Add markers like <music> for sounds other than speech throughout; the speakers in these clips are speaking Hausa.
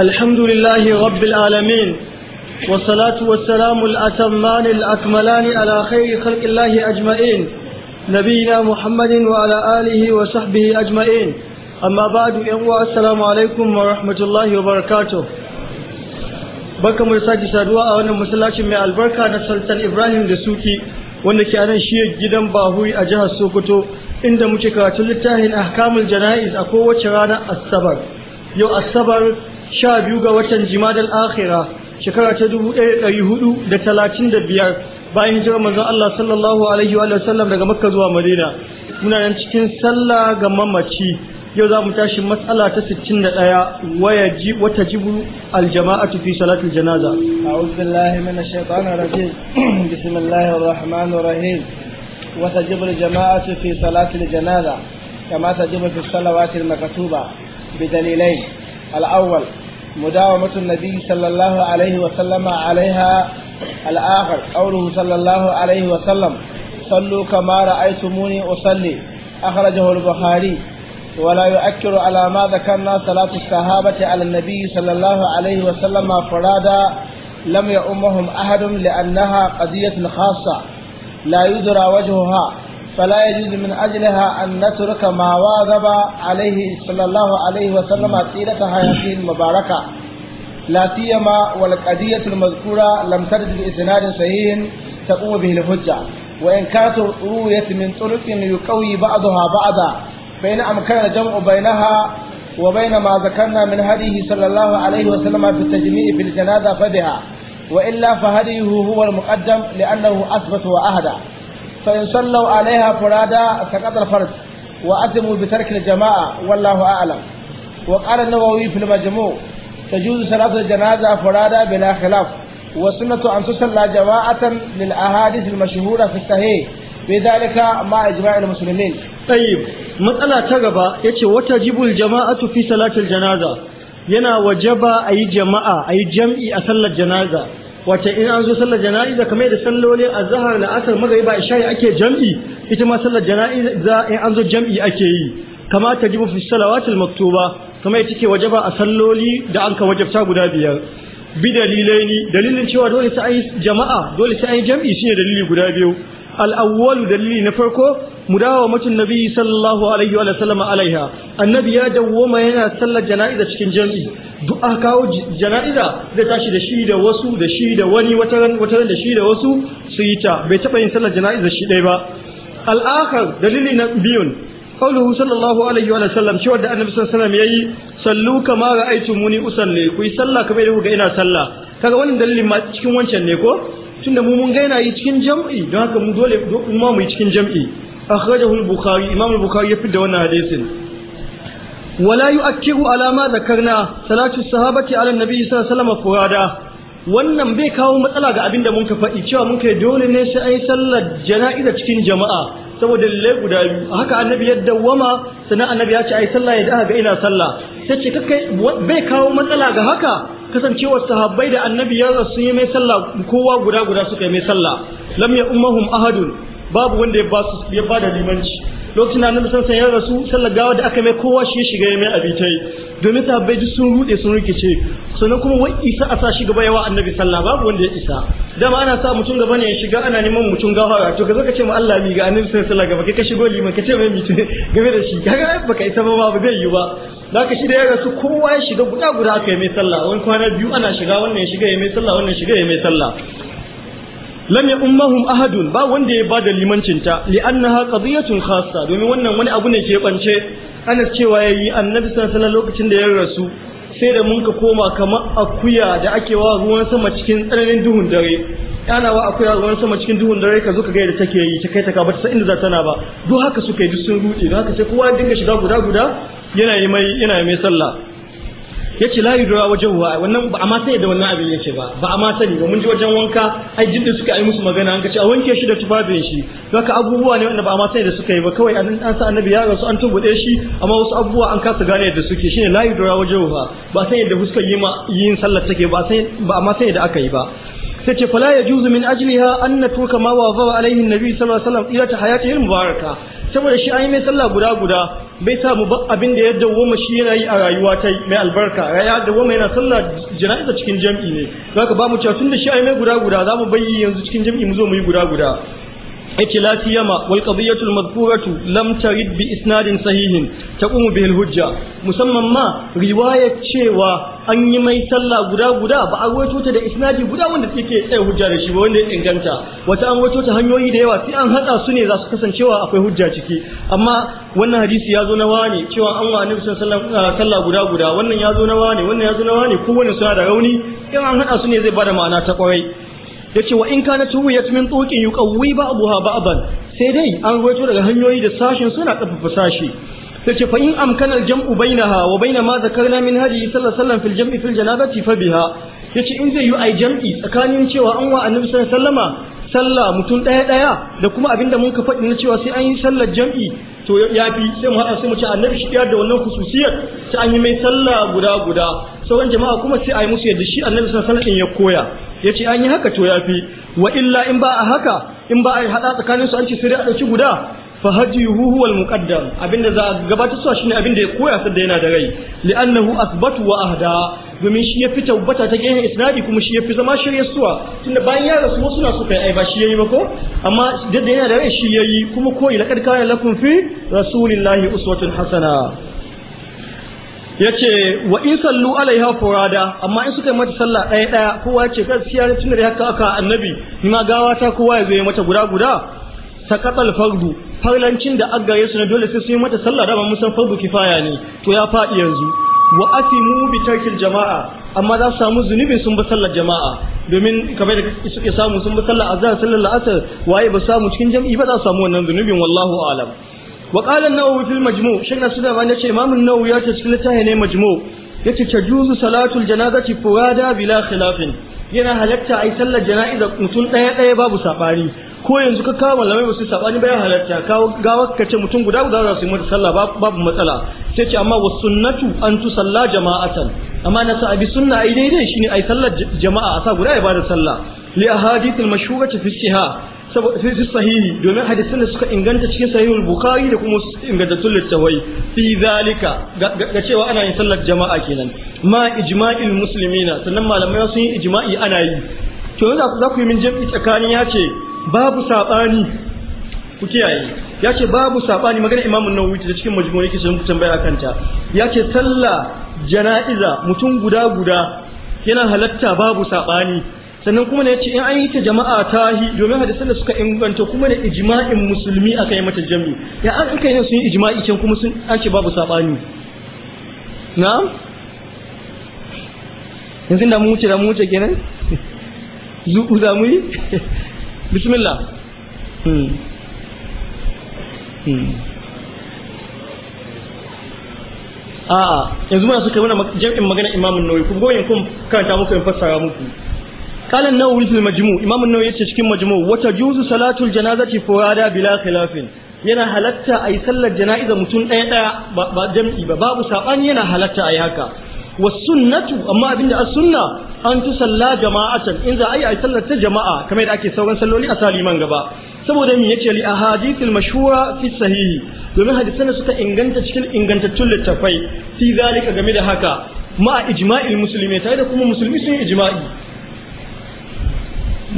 الحمد لله رب العالمين والصلاة والسلام الأتمان الأكملان على خير خلق الله أجمعين نبينا محمد وعلى آله وصحبه أجمعين أما بعد السلام عليكم ورحمة الله وبركاته barka mu sake saduwa a wannan masallacin mai albarka na sultan ibrahim da suki wanda ke anan shi gidan bahuyi a jihar sokoto inda muke karatun littafin ahkamul jana'iz a kowace ranar asabar yau asabar sha biyu ga watan jimadal akhira shekara ta dubu ɗaya ɗari hudu da talatin da biyar bayan hijirar manzon Allah sallallahu alaihi wa sallam daga makka zuwa madina muna nan cikin sallah ga mamaci yau za mu tashi matsala ta 61 waya ji wata jibu aljama'a fi salatul janaza a'udhu billahi minash shaitanir rajim <clears throat> bismillahir rahmanir rahim wa tajibu aljama'atu fi salatul janaza kama tajibu fi salawatil maktuba بدليلين الأول مداومة النبي صلى الله عليه وسلم عليها الآخر قوله صلى الله عليه وسلم صلوا كما رأيتموني أصلي أخرجه البخاري ولا يؤكر على ما ذكرنا صلاة الصحابة على النبي صلى الله عليه وسلم فرادا لم يؤمهم أحد لأنها قضية خاصة لا يدرى وجهها فلا يجوز من أجلها أن نترك ما واظب عليه صلى الله عليه وسلم طيلة حياته المباركة لا سيما والقضية المذكورة لم ترد بإسناد صحيح تقوم به الحجة وإن كانت رؤية من طرق يقوي بعضها بعضا فإن أمكن الجمع بينها وبين ما ذكرنا من هديه صلى الله عليه وسلم في التجميع في الجنازة فبها وإلا فهديه هو المقدم لأنه أثبت وأهدى فإن صلوا عليها فرادا سقط الفرد وأتموا بترك الجماعة والله أعلم وقال النووي في المجموع تجوز صلاة الجنازة فرادا بلا خلاف وسنة أن تصلى جماعة للأحاديث المشهورة في الصحيح بذلك مع إجماع المسلمين طيب مسألة تغبى يتي وتجب الجماعة في صلاة الجنازة ينا وجب أي جماعة أي جمع أصلى الجنازة wace in an zo sallar jana'iza kamar da sallolin azhar da asar ba isha'i ake jam'i ita ma sallar jana'iza in an zo jam'i ake yi kama ta jibu fi salawatul maktuba kamar ita ke wajaba a salloli da an ka wajabta guda biyar bi dalilai ni dalilin cewa dole sai yi jama'a dole sai an yi jam'i shine dalili guda biyu al-awwalu dalili na farko mutun nabi sallallahu alaihi wa sallam alaiha annabi ya ma yana sallar jana'iza cikin jami'i duk aka kawo jana'iza zai tashi da shi da wasu da shi da wani wataran da shi da wasu su yi ta bai taɓa yin sallar jana'iza shi ɗaya ba al'akar dalili na biyun sallallahu قوله صلى الله عليه وسلم شو ده النبي صلى الله عليه وسلم يي صلوا كما رأيتموني أصلي كوي صلى كما يدعو ina صلى kaga wannan dalilin ma cikin wancan ne ko tunda mu mun ga yana yi cikin jam'i don haka mu dole mu ma mu yi cikin jami'i akhrajahu al-bukhari imam al-bukhari ya fidda wannan hadisin wala yu'akkiru ala ma zakarna salatu sahabati ala nabi sallallahu alaihi furada wannan bai kawo matsala ga abinda mun ka faɗi cewa mun kai dole ne sai ai sallar jana'iza cikin jama'a saboda lallai guda biyu haka annabi ya dawwama sannan annabi ya ce ai sallah ya da ga ina sallah sai ce bai kawo matsala ga haka kasancewar sahabbai da annabi ya rasu yi mai sallah kowa guda guda suka yi mai sallah lam ya ummahum ahadun babu wanda ya su ya da limanci lokacin da annabi sallallahu alaihi wasallam ya rasu sallar gawa da aka mai kowa shi ya shiga ya mai abitai domin sahabbai duk sun rude sun rikice sannan kuma wai isa a sa shi gaba yawa annabi sallah babu wanda ya isa dama ana sa mutum gaba ne ya shiga ana neman mutum gafara to kaza ka ce ma Allah mi ga annabi sallallahu alaihi wasallam gaba ka shigo liman ka ce mai mitin game da shi kaga baka isa ba ba zai yi ba zaka shi da ya rasu kowa ya shiga guda guda aka yi mai sallah wani kwana biyu ana shiga wannan ya shiga ya mai sallah wannan shiga ya mai sallah lam ya ummahum ahadun ba wanda ya bada limancinta annaha qadiyatun khassa domin wannan wani abu ne ke bance Anas cewa yayi Annabi sallallahu alaihi lokacin da ya rasu sai da mun ka koma kamar akuya da ake wa ruwan sama cikin tsananin duhun dare ana wa akuya ruwan sama cikin duhun dare ka zo ka ga yadda take yi ta kai ta kaba ta inda za ta na ba duk haka suka yi duk sun rute don haka sai kowa dinga shiga guda guda yana yi mai yana mai sallah yace la yudra wajen wa wannan ba ma sai da wannan abin yace ba ba ma sani ba mun ji wajen wanka ai jinda suka yi musu magana an kace a wanke shi da tufafin shi haka abubuwa ne wanda ba ma sai da suka yi ba kawai an an sa annabi ya rasu an tubude shi amma wasu abubuwa an kasa gane yadda suke shine layu da wajen wa ba sai yadda fuskar yi ma yin sallar take ba sai ba amma sai da aka yi ba sai ce fala yajuzu min ajliha an natruka ma wa fa alaihi annabi sallallahu alaihi wasallam ila ta hayatihi mubarakah saboda shi an mai sallah guda guda bai samu ba abin da ya dawwama shi yana yi a rayuwa ta mai albarka ya dawwama yana sallah jana'iza cikin jam'i ne zaka ba mu cewa tunda shi an mai guda guda za mu bayyi yanzu cikin jam'i mu zo mu yi guda guda yace la siyama wal qadiyatul madhkuratu lam tarid bi isnadin sahihin taqumu bihi al hujja musamman ma riwayat cewa an yi mai sallah guda guda ba a wato ta da isnadi guda wanda ke tsaye hujja da shi ba wanda ya inganta wata an wato ta hanyoyi da yawa sai an hada su ne za su kasancewa akwai hujja ciki amma wannan hadisi ya zo na wani cewa an wa annabi sallallahu uh, sallah guda guda wannan ya zo na wani wannan ya zo na wani kowanne suna da rauni in an haɗa su ne zai bada ma'ana ta kwarai yace wa in kana tuwiyat min tuqin yuqawwi ba'daha ba'dan sai dai an wato daga hanyoyi da sashen suna kafafa sashi sai ce fa in amkana jamu bainaha wa baina ma zakarna min hadi sallallahu alaihi wasallam fil jam'i fil janabati fa biha yace in zai yi ai jam'i tsakanin cewa an wa annabi sallallahu alaihi wasallama sallah mutum daya daya da kuma abinda mun ka faɗi na cewa sai an yi sallar jam'i to ya fi sai mu haɗa sai mu ce annabi shi da wannan kususiyar ta an yi mai sallah guda guda sauran jama'a kuma sai a yi musu yadda shi annabi sallallahu alaihi wasallam ya koya yace an yi haka to ya fi wa illa in ba a haka in ba a haɗa tsakanin su an ce sai dai a ɗauki guda fa huhu huwa al-muqaddar abinda za a gabatar su shine abinda ya koya sadda yana da rai li'annahu asbatu wa ahda domin shi ya fita tabbata ta gehen isnadi kuma shi ya fi zama shirye suwa tunda bayan ya rasu wasu na suka yi ai ba shi yayi ba ko amma da yana da rai shi yayi kuma koyi laqad kana lakum fi rasulillahi uswatun hasana ya wa in sallu alaiha furada amma in suka yi mata sallah ɗaya ɗaya kowa ya ce gaskiya tunda da haka aka annabi ni ma gawa ta kowa ya zo mata guda guda sakatal fardu farlancin da aggare su na dole sai sun mata sallah da ba mun san fardu kifaya ne to ya faɗi yanzu wa afimu bi tarkil jama'a amma za su samu zunubin sun ba sallar jama'a domin kamar da suke samu sun ba sallar azhar sallar la'asar waye ba samu cikin jam'i ba za su samu wannan zunubin wallahu a'lam wa qala an-nawawi fil majmu' shaykh sulaiman ce, imam an-nawawi ya ce cikin littafi ne majmu' yace tajuzu salatul janazati furada bila khilafin yana halatta ai sallar jana'iza mutum daya daya babu sabari ko yanzu ka kawo malamai ba su sabani ya halarta kawo gawar ka ce mutum guda guda za su yi mata sallah babu matsala sai ce amma wasu sunnatu an tu sallah jama'atan amma na sa abi sunna ai daidai shine ai sallar jama'a a sa guda ya bada sallah li ahadithil mashhurati fi siha fi sahihi domin hadisan da suka inganta cikin sahihul bukhari da kuma ingantattun littafai fi zalika ga cewa ana yin sallar jama'a kenan ma ijma'il muslimina sannan malamai sun yi ijma'i ana yi to yanzu za ku yi min jam'i tsakanin ya ce babu saɓani ku kiyaye ya ce babu saɓani magana imamun nawawi da cikin majmu yake sun tambaya akan ta ya ce sallah jana'iza mutum guda guda yana halatta babu saɓani sannan kuma ne ya ce in an yi ta jama'a ta hi domin hadisan da suka inganta kuma ne ijma'in musulmi aka yi mata jami ya an aka yi sun yi ijma'i can kuma sun an ce babu saɓani na'am yanzu da mu wuce da mu wuce kenan <laughs> zuku za mu yi <laughs> bismillah hmm. hmm. a'a yanzu muna suka muna jam'in magana imamun nawawi ku goyin kun karanta muku in fassara muku قال النووي في المجموع امام النووي yace cikin majmu' wata juzu salatul janazati furada bila khilafin yana halatta yi sallar jana'iza mutum ɗaya-ɗaya, ba jam'i ba babu sabani yana halatta yi haka wasunnatu amma abinda da sunna an tu salla jama'atan in za a yi a sallar ta jama'a kamar yadda ake sauran salloli a saliman gaba saboda me yace li ahadithil mashhura fi sahihi domin hadisan suka inganta cikin ingantattun littafai fi zalika game da haka ma ijma'il muslimi tare da kuma musulmi sun ijma'i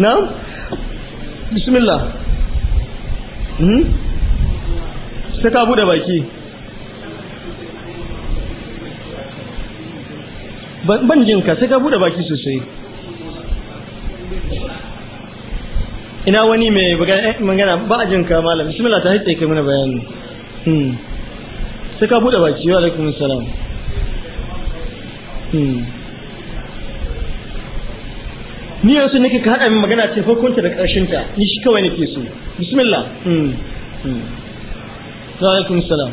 na'am bismillah hmm sai ka bude baki ban jin ka sai ka bude baki sosai ina wani mai eh, magana ba a jin ka malam bismillah ta haitse kai mana bayani hmm. sai ka bude baki wa alaikum salam hmm. ni yanzu nake ka haɗa min magana ce hukunta da ƙarshen ta ni shi kawai nake so bismillah hmm. wa alaikum salam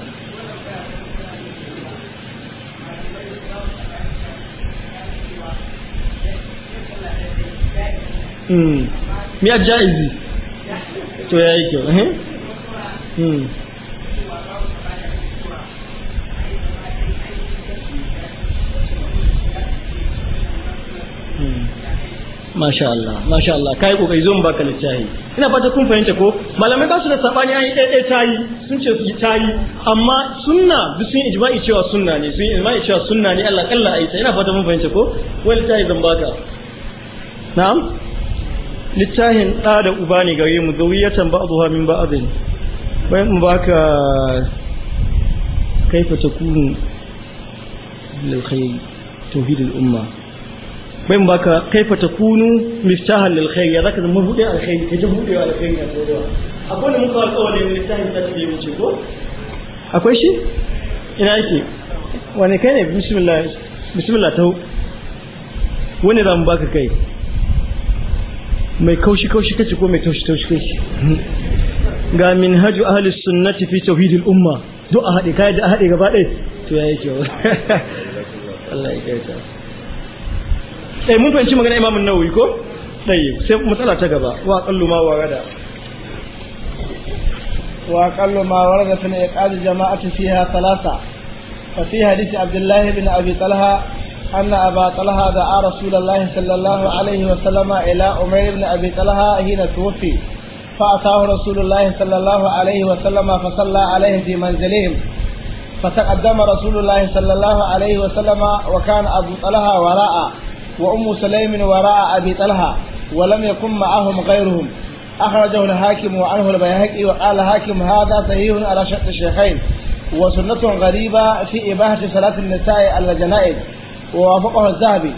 mi hmm. a ja'izi to ya yi kyau eh? hmm. Hmm. Masha Allah, Masha Allah, kai kokari zo mu baka littafi. Ina fata kun fahimta ko? Malamai ba su da sabani an yi ɗaya ta sun ce su yi tayi, amma sunna duk sun ijma'i cewa sunna ne, sun ijma'i cewa sunna ne Allah kalla a yi ta. Ina fata mun fahimta ko? Wani littafi zan baka. Na'am? littafin ɗa da uba ne gare mu zawiyatan ba'dha min ba'dhin bayan mu baka kaifa takunu lil khayr tawhid al umma bayan mu baka kaifa takunu miftahan lil khayr ya zaka zama buɗe al khayr ka ji buɗe al khayr tsodawa. akwai da muka alƙawari littafin ta ce mu ce ko akwai shi ina yake wani kai ne bismillah bismillah ta wani zan baka kai mai kaushi kaushi kace ko mai taushi taushi kace ga haju ahli sunnati fi al umma Do a haɗe kai da a haɗe gaba ɗaya to yayi kyau <laughs> Allah ya kaita sai eh, mun fahimci magana Imam Nawawi ko sai sai matsala ta gaba wa kallu ma rada wa kallu ma rada tana iqad jama'ati fiha thalatha fa fi hadith Abdullah ibn Abi Talha أن أبا طلحة دعا رسول الله صلى الله عليه وسلم إلى عمير بن أبي طلحة حين توفي فأتاه رسول الله صلى الله عليه وسلم فصلى عليه في منزلهم فتقدم رسول الله صلى الله عليه وسلم وكان أبو طلحة وراء وأم سليم وراء أبي طلحة ولم يكن معهم غيرهم أخرجه الحاكم وعنه البيهقي وقال الحاكم هذا صحيح على شرط الشيخين وسنة غريبة في إباحة صلاة النساء على الجنائز ووافقه الذهبي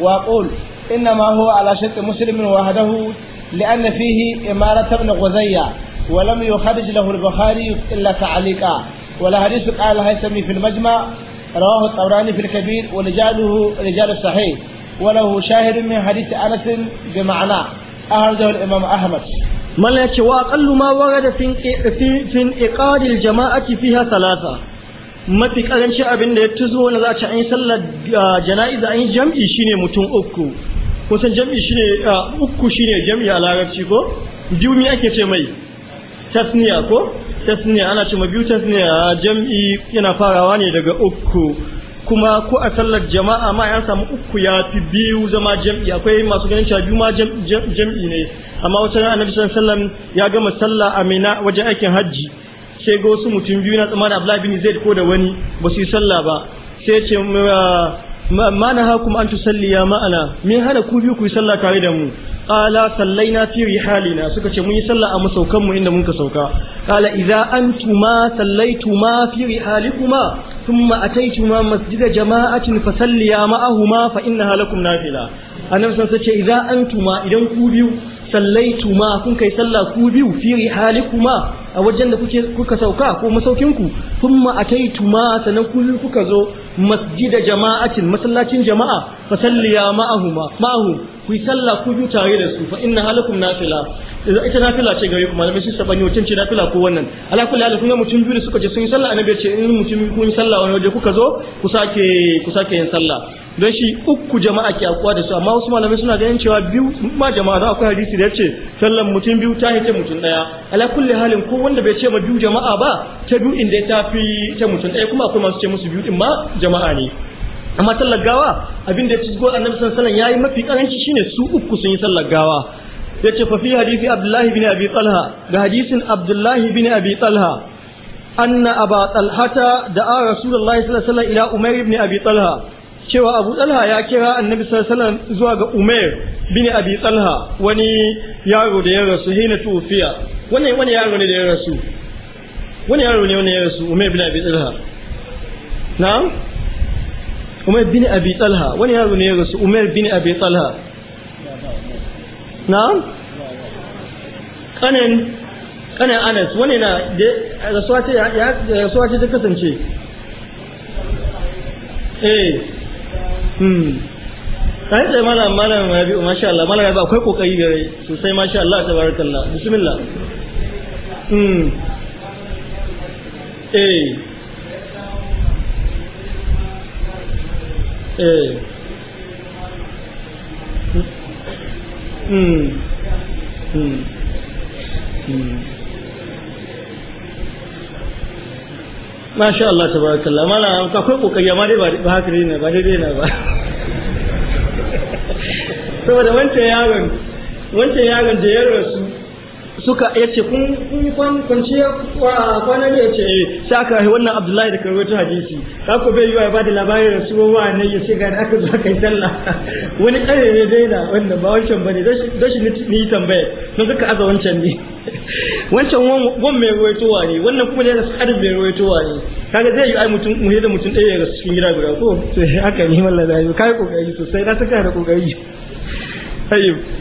وأقول إنما هو على شرط مسلم وحده لأن فيه إمارة ابن غزية ولم يخرج له البخاري إلا تعليقا حديث قال الهيثمي في المجمع رواه الطبراني في الكبير ورجاله رجال الصحيح وله شاهد من حديث أنس بمعنى اهرجه الإمام أحمد ما لا يتشوى أقل ما ورد في انعقاد الجماعة فيها ثلاثة mafi karanci abin da ya tuzo wani za a ci an yi sallar ah, jana'iza an yi jam'i shine mutum uku kusan jam'i shine ah, uku shine jam'i a larabci ko biyu mi ake ce mai tasniya ko tasniya ana ce ma biyu tasniya jam'i yana farawa ne daga uku kuma ko a sallar jama'a ma ya samu uku ya fi biyu zama jam'i akwai masu ganin cewa biyu ma jam'i ne amma wata annabi sallallahu alaihi wasallam ya gama sallah a mina wajen aikin hajji sai ga wasu mutum biyu na tsammanin Abdullahi bin Zaid ko da wani ba su yi sallah ba sai ce ma na hakum an tusalli ya ma'ana min hana ku biyu ku yi sallah tare da mu qala sallaina fi rihalina suka ce mun yi sallah a masaukan mu inda muka sauka qala idza antuma sallaituma fi rihalikuma thumma ataituma masjida jama'atin fasalliya ma'ahuma fa innaha lakum nafila annabi sun ce idza antuma idan ku biyu sallaituma kun kai sallah ku biyu fi rihalikuma a wajen da kuka sauka ko masaukinku thumma ataytuma sanan kun kuka zo masjida jama'atin masallacin jama'a fasalliya ma'ahuma ma'ahu ku yi sallah ku tare da su fa inna halakum nafila ita nafila ce gare ku malamai sun sabani wacin ce nafila ko wannan ala kulli hal kun ga mutum biyu suka ce sun yi sallah annabi ya ce in mutum kun yi sallah wani waje kuka zo ku sake ku sake yin sallah don shi uku jama'a ke akuwa da su amma wasu malamai suna ganin cewa biyu ma jama'a don akwai hadisi da ya ce sallan mutum biyu ta hita mutum daya ala kulli halin ko wanda bai ce ma biyu jama'a ba ta biyu inda ta fi ta mutum daya kuma akwai masu ce musu biyu din ma jama'a ne amma sallar gawa abin da ya ci annabi sallan yayi mafi karanci shine su uku sun yi sallar gawa yace fa fi hadisi abdullahi bin abi talha ga hadisin abdullahi bin abi talha anna aba talhata a rasulullahi sallallahu alaihi wasallam ila umair ibn abi talha cewa abu talha ya kira annabi sallallahu alaihi wasallam zuwa ga umair bin abi talha wani yaro da ya rasu hina tufiya wani wani yaro ne da ya rasu wani yaro ne wani ya rasu umair bin abi talha na'am umair bin abi talha wani yaro ne ya rasu umair bin abi talha نعم قنن قنن anas wani na rasuwa ce ya rasuwa ce ta kasance eh hmm kai sai malam malam rabi masha Allah malam rabi akwai kokari gare sosai masha Allah tabarakallah bismillah hmm eh eh Hmm. Hmm. Hmm. masha Allah ta tabarakallah mala akwai kokari amma dai ba haka ne ba dai dai na ba <laughs> saboda wancan yaron wancan yaron da ya rasu suka yace kun kun kwanci ya kwana ne yace eh sai aka yi wannan Abdullahi da karwato hadisi ta ku bai yi wa ya da labarin su ba wa ne ya shiga da aka zuwa kai sallah <laughs> wani kare ne dai da wannan ba wancan bane da shi ni tambaya na suka aza wancan ne <laughs> wancan wan mai ruwaitowa ne wannan kuma ne su adin mai ruwaitowa ne kaga zai yi ai mutum mu da mutum ɗaya ga cikin gida guda ko sai haka ne mallaka yi kai kokari sosai na saka da kokari ayyuka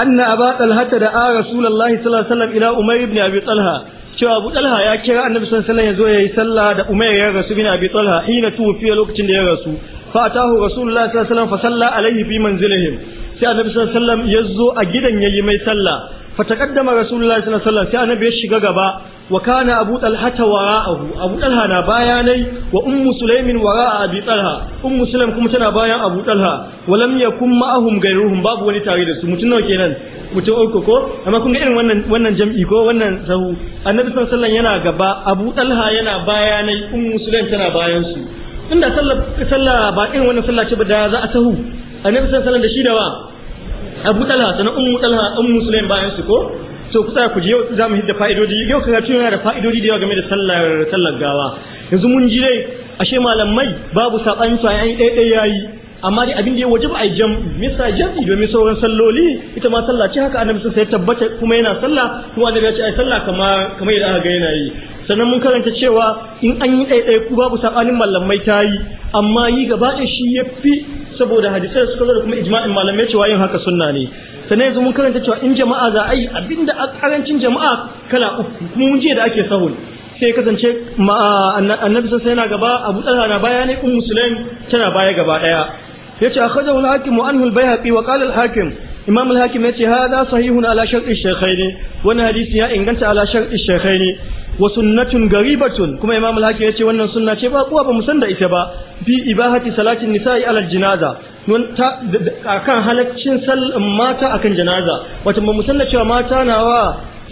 anna aba talhata da a rasulullahi sallallahu alaihi wasallam ila umayr ibn abi talha cewa abu talha ya kira annabi sallallahu alaihi wasallam yayi sallah da umayr ya rasu bin abi Ina hina tufiya lokacin da ya rasu fa atahu rasulullahi sallallahu alaihi wasallam fa salla alaihi sai annabi sallallahu alaihi wasallam ya zo a gidan yayi mai sallah fa taqaddama rasulullahi sallallahu alaihi wasallam sai annabi ya shiga gaba wa kana abu talhata wara'ahu abu talha na bayanai wa ummu sulaimin wara'a bi talha ummu sulaim kuma tana bayan abu talha wa lam yakun ma'ahum ghayruhum babu wani tare da su mutum nawa kenan mutum uku ko amma kun ga irin wannan wannan jam'i ko wannan sahu annabi sallallahu alaihi wasallam yana gaba abu talha yana bayanai ummu sulaim tana bayan su inda sallah sallah ba irin wannan sallah ce ba da za a sahu annabi sallallahu alaihi wasallam da shi da wa abu talha sanan ummu talha ummu sulaim bayan su ko so ku tsaya ku je za mu hidda fa'idodi yau karatu yana da fa'idodi da yawa game da sallar sallar gawa yanzu mun ji dai ashe malamai babu saɓani to an yi ɗaya yayi amma dai abin da ya wajib a jam misa jam'i domin sauran salloli ita ma sallah ce haka annabi sai tabbata kuma yana sallah kuma annabi ya ce ai sallah kama kamar yadda aka ga yana yi sannan mun karanta cewa in an yi ɗaiɗai ku babu saɓanin malamai ta yi amma yi gaba ɗaya shi ya fi saboda hadisai suka zo da kuma ijma'in malamai cewa yin haka sunna ne sannan yanzu mun karanta cewa in jama'a za a yi abinda a karancin jama'a kala uku kuma mun je da ake sahun sai kasance annabi sai yana gaba abu tsara na baya ne in sulaim tana baya gaba daya yace akhadahu al-hakim wa anhu al-bayhaqi wa qala hakim imam ce ha yace su sahihun ala shar'i ne Wani hadisi ya inganta ala shar'i ne. wa sunnatun garibatun kuma imam al-hakim yace wannan sunna ce ba kuwa ba mu san da ita ba bi ibahati salatin nisa'i ala janaza don ta akan halaccin mata akan janaza wato ba mu san da cewa mata na wa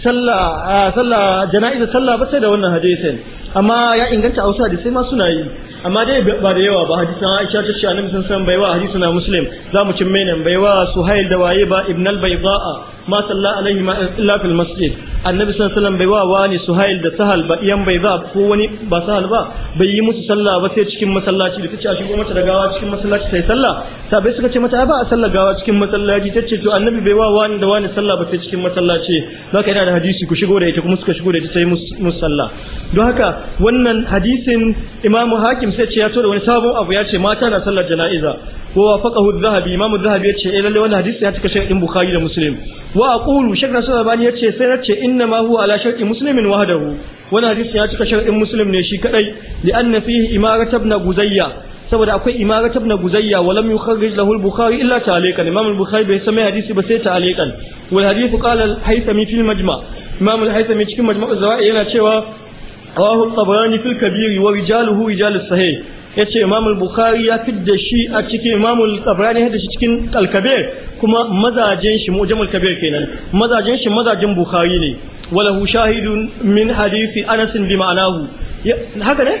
sallah sallah jana'iza sallah ba sai da wannan hadisin amma ya inganta a wasu hadisai ma suna yi amma dai ba da yawa ba hadisin Aisha ta ce annabi sun san baiwa hadisi na Muslim zamu cin menan baiwa Suhail da waye ba Ibn al-Bayda'a ma sallallahu alaihi ma illa fil masjid annabi sallallahu alaihi wasallam bai wa wani suhail da sahal ba yan bai za ko wani ba sahal ba bai yi musu sallah ba sai cikin masallaci da tace a shigo mata da gawa cikin masallaci sai sallah bai suka ce mata ba a sallah gawa cikin masallaci tace to annabi bai wa wani da wani sallah ba sai cikin masallaci haka yana da hadisi ku shigo da ita kuma suka shigo da ita sai musu sallah don haka wannan hadisin imamu hakim sai ce ya to da wani sabon abu ya ce mata na sallar jana'iza wa wafaqahu adh-dhahabi imam adh-dhahabi yace eh lalle wannan hadisi ya cika sharadin bukhari da muslim wa aqulu shaykh nasir albani yace sai nace inna ma huwa ala sharti muslimin wahdahu wannan hadisi ya cika sharadin muslim ne shi kadai li anna fihi imaratu ibn guzayya saboda akwai imarat ibn guzayya wa lam yukharrij lahu al-bukhari illa ta'aliqan imam al-bukhari bai sami hadisi ba sai ta'aliqan wal hadith qala al-haythami fil majma imam al-haythami cikin majma' az-zawa'i yana cewa rawahu at-tabarani fil kabir wa rijaluhu rijalus sahih yace Imam al-Bukhari ya fidda shi a cikin Imam al-Tabrani ya shi cikin al-Kabir kuma mazajen shi mujamul kabir kenan mazajen shi mazajen Bukhari ne walahu shahidun min hadisi Anas bi ma'anahu haka ne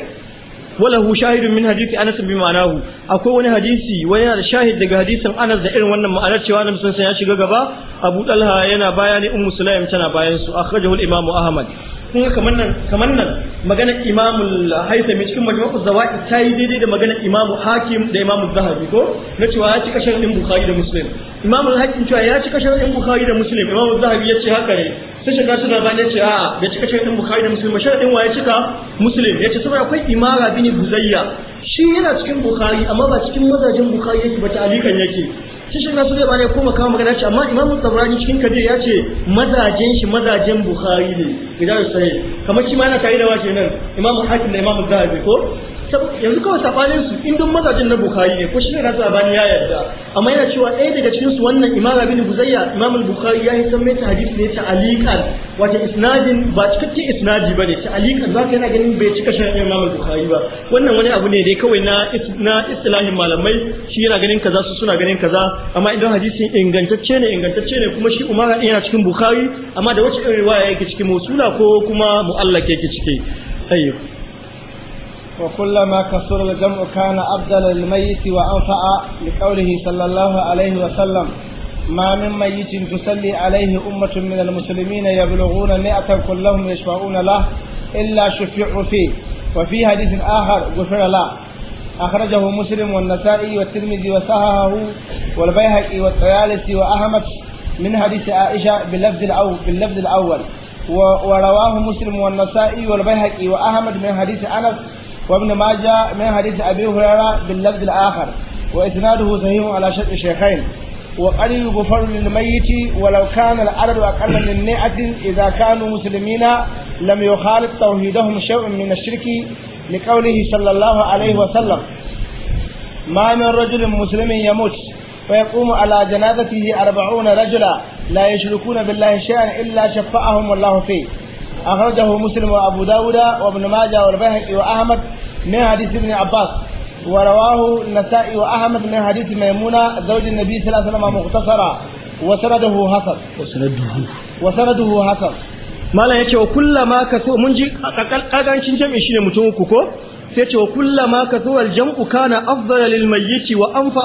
walahu shahidun min hadisi Anas bi ma'anahu akwai wani hadisi wani yana da shahid daga hadisin Anas da irin wannan ma'anar cewa Annabi sallallahu alaihi ya shiga gaba Abu Talha yana baya ne Ummu Sulaim tana bayan su akhrajahu al-Imam Ahmad kun ga kamar nan kamar nan magana imamu haitami cikin majmu'u zawaid ta yi daidai da magana imamu hakim da imamu zahabi ko na cewa ya cika ɗin bukhari da muslim imamu hakim cewa ya cika ɗin bukhari da muslim imamu zahabi ya ce haka ne sai shiga suna da ya ce a'a bai cika ɗin bukhari da muslim ɗin wa ya cika muslim ya ce saboda akwai imara bin buzayya shi yana cikin bukhari amma ba cikin mazajin bukhari yake ba ta alikan yake shi shi nasu zai bane kuma kawo magana ce amma imamu tabrani cikin kabir ya ce mazajen shi mazajen Buhari ne idan sai kamar shi ma yana tare da wace nan Imam hakim da imam zahabi ko yanzu kawai sabanin su in duk mazajin na bukhari ne ko shi ne na bani ya yarda amma yana cewa ɗaya daga cikin su wannan imam bin buzayya imam bukhari ya yi san mai ta hadisi ne ta alikan wato isnadin ba cikakken isnadi ba ne ta za zaka yana ganin bai cika sharhin imam bukhari ba wannan wani abu ne dai kawai na na istilahin malamai shi yana ganin kaza su suna ganin kaza amma idan hadisin ingantacce ne ingantacce ne kuma shi umara yana cikin bukhari amma da wace irin riwaya yake cikin musula ko kuma muallaka yake ciki وكلما كسر الجمع كان أبدل للميت وأنفع لقوله صلى الله عليه وسلم ما من ميت تصلي عليه أمة من المسلمين يبلغون مئة كلهم يشفعون له إلا شفيع فيه وفي حديث آخر غفر له أخرجه مسلم والنسائي والترمذي وصححه والبيهقي والطيالسي وأحمد من حديث عائشة باللفظ الأول باللفظ الأول ورواه مسلم والنسائي والبيهقي وأحمد من حديث أنس وابن ماجه من حديث أبي هريرة باللفظ الآخر وإسناده صحيح على شرط الشيخين وقد يغفر للميت ولو كان العدد أقل من مئة إذا كانوا مسلمين لم يخالف توحيدهم شيء من الشرك لقوله صلى الله عليه وسلم ما من رجل مسلم يموت فيقوم على جنازته أربعون رجلا لا يشركون بالله شيئا إلا شفعهم الله فيه أخرجه مسلم وأبو داود وابن ماجه والبيهقي وأحمد من حديث ابن عباس ورواه النسائي وأحمد من حديث ميمونة زوج النبي صلى الله عليه وسلم مختصرا وسنده حسن وسنده وسنده حسن malam ya ce wa kullama ka so mun ji kagancin jam'i shine mutum uku ko sai ce wa kullama ka so al jam'u kana afdala lil mayyiti wa anfa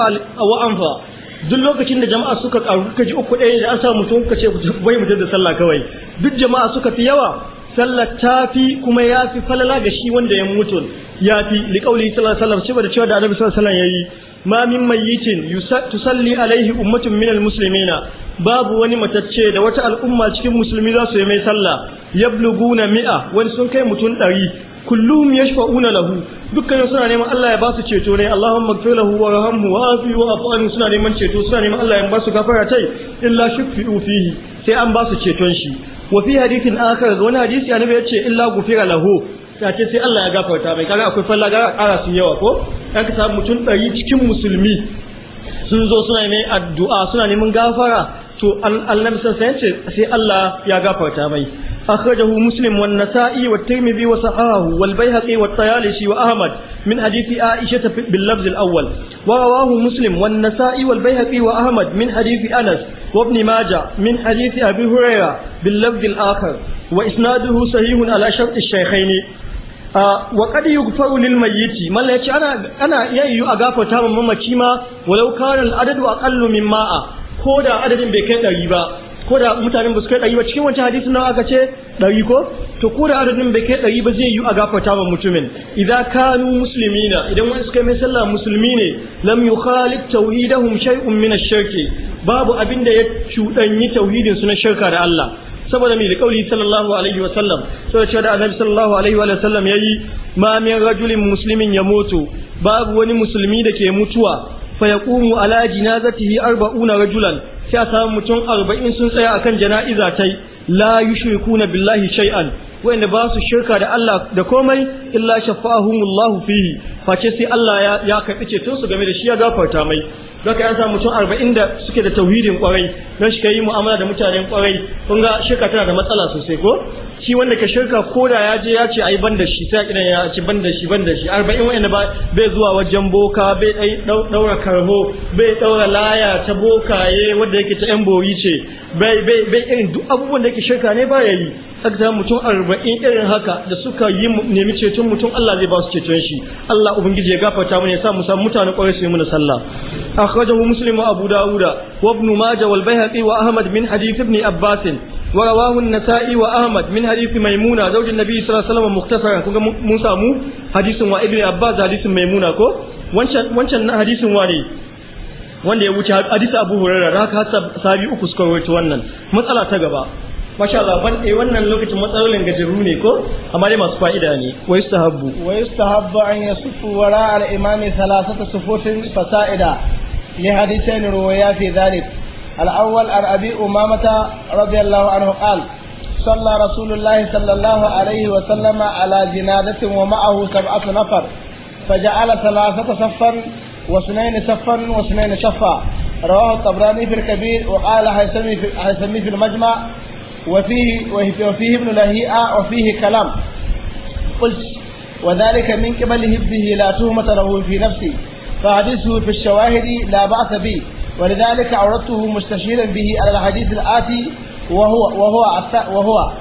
wa anfa duk lokacin da jama'a suka karu kuka ji uku ɗaya da an samu sun kuka ce bai mutum da sallah kawai duk jama'a suka fi yawa Sallah ta fi kuma ya fi falala ga shi wanda ya mutu ya fi liƙauli sallallahu alaihi wasallam cewa da cewa da annabi sallallahu alaihi wasallam yayi ma min mayyitin tusalli alaihi ummatun minal muslimina babu wani matacce da wata al'umma cikin musulmi za su yi mai sallah yabluguna mi'a wani sun kai mutum ɗari Kullum kulluhum yashfa'una lahu dukkanin suna neman Allah ya ba su ceto ne Allahumma ighfir lahu wa yarhamhu wa afi wa suna neman ceto suna neman Allah ya ba su gafara tai illa shukfi'u fihi sai an ba su ceton shi wa fi hadithin akhar wani hadisi annabi ya ce illa gufira lahu ce sai Allah ya gafarta mai kaga akwai falla ƙara sun yawa ko an ka samu mutum ɗari cikin musulmi sun zo suna neman addu'a suna neman gafara to annabi sallallahu alaihi ce sai Allah ya gafarta mai أخرجه مسلم والنسائي والترمذي وصححه والبيهقي والطيالسي وأحمد من حديث عائشة باللفظ الأول ورواه مسلم والنسائي والبيهقي وأحمد من حديث أنس وابن ماجه من حديث أبي هريرة باللفظ الآخر وإسناده صحيح على شرط الشيخين wa kad yughfaru lil mayyiti malla yace ana ana yayyu a gafarta ma mamaci ma walau kana al adadu aqallu min ma'a ko da adadin bai kai ɗari ba ko da mutanen ba su kai ɗari ba cikin wancan hadisin nawa aka ce ɗari ko to ko da adadin bai kai ɗari ba zai yi a gafarta wa mutumin idan kanu muslimina idan wani suka mai sallah musulmi ne lam Khalid tauhidahum shay'un min ash-shirki babu abin da ya cuɗanyi tauhidin su na shirka da Allah saboda mai kauli sallallahu alaihi wa sallam sai cewa da annabi sallallahu alaihi wa sallam yayi ma min rajulin muslimin ya mutu babu wani musulmi da ke mutuwa fa yaqumu ala jinazatihi arba'una rajulan sai a samu mutum arba'in sun tsaya akan jana'iza ta la na billahi shai'an, wanda ba su shirka da Allah da komai illa shafa'ahumullahu fihi face sai Allah ya ya karbi ceton su game da shi ya gafarta mai zaka ya samu mutum arba'in da suke da tauhidin kwarai don shi ka yi mu'amala da mutanen kwarai kun ga shirka tana da matsala sosai ko shi wanda ka shirka koda ya je ya ce ai ban da shi sai kidan ya ce ban da shi ban da shi arba'in wanda ba bai zuwa wajen boka bai dai daura karho bai daura laya ta bokaye wanda yake ta yan boyi ce bai bai bai irin duk abubuwan da yake shirka ne ba yayi aka samu mutum arba'in irin haka da suka yi nemi ceton mutum Allah zai ba su ceton shi Allah ubangiji ya gafarta mu ya sa mu samu mutane kwarai su yi mana sallah akhrajahu muslimu abu dauda wa ibn majah wal bayhaqi wa ahmad min hadith ibn abbas ورواه النسائي وأحمد من حديث ميمونة زوج النبي صلى الله عليه وسلم مختصرا كنا موسى مو حديث وابن عباس حديث ميمونة كو وانشان وانشان حديث واني wanda ya wuce hadisi Abu Hurairah da haka sabi uku suka rawaito wannan matsala ta gaba masha Allah ban eh wannan lokacin matsalolin gajeru ne ko amma dai masu fa'ida ne wa yustahabbu wa yustahabbu an yasuffu wara al-imami thalathata sufutin fasa'ida li hadithain ruwaya fi dhalik الأول عن أبي أمامة رضي الله عنه قال صلى رسول الله صلى الله عليه وسلم على جنازة ومعه سبعة نفر فجعل ثلاثة صفا واثنين صفا واثنين شفا رواه الطبراني في الكبير وقال هيسمي في, هيسمي في المجمع وفيه وفيه ابن لهيئة وفيه كلام قلت وذلك من قبل هبه لا تهمة له في نفسي فحديثه في الشواهد لا بأس به ولذلك أوردته مستشيرا به على الحديث الآتي وهو وهو وهو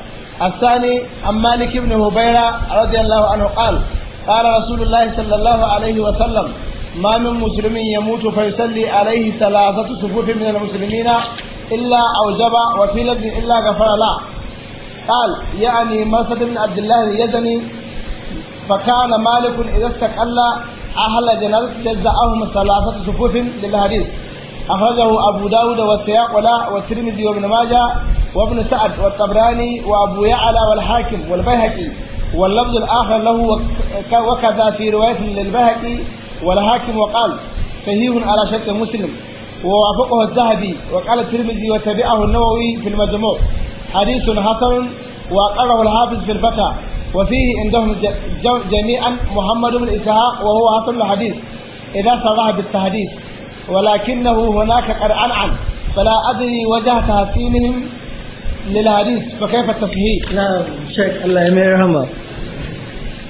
الثاني عن مالك بن هبيرة رضي الله عنه قال قال رسول الله صلى الله عليه وسلم ما من مسلم يموت فيصلي عليه ثلاثة صفوف من المسلمين إلا أوجب وفي لفظ إلا غفر له قال يعني مرثد بن عبد الله اليزني فكان مالك إذا استقل أهل جنازة جزأهم ثلاثة صفوف للحديث أخرجه أبو داود والسياق ولا والترمذي وابن ماجه وابن سعد والطبراني وأبو يعلى والحاكم والبيهقي واللفظ الآخر له وكذا في رواية للبيهقي والحاكم وقال صحيح على شرط مسلم ووافقه الذهبي وقال الترمذي وتبعه النووي في المجموع حديث حسن وقرأه الحافظ في الفتح وفيه عندهم جميعا محمد بن إسحاق وهو حسن الحديث إذا صرح بالتحديث ولكنه هناك قد أنعم فلا أدري وجه تحسينهم للحديث فكيف التصحيح نعم شيخ الله يرحمه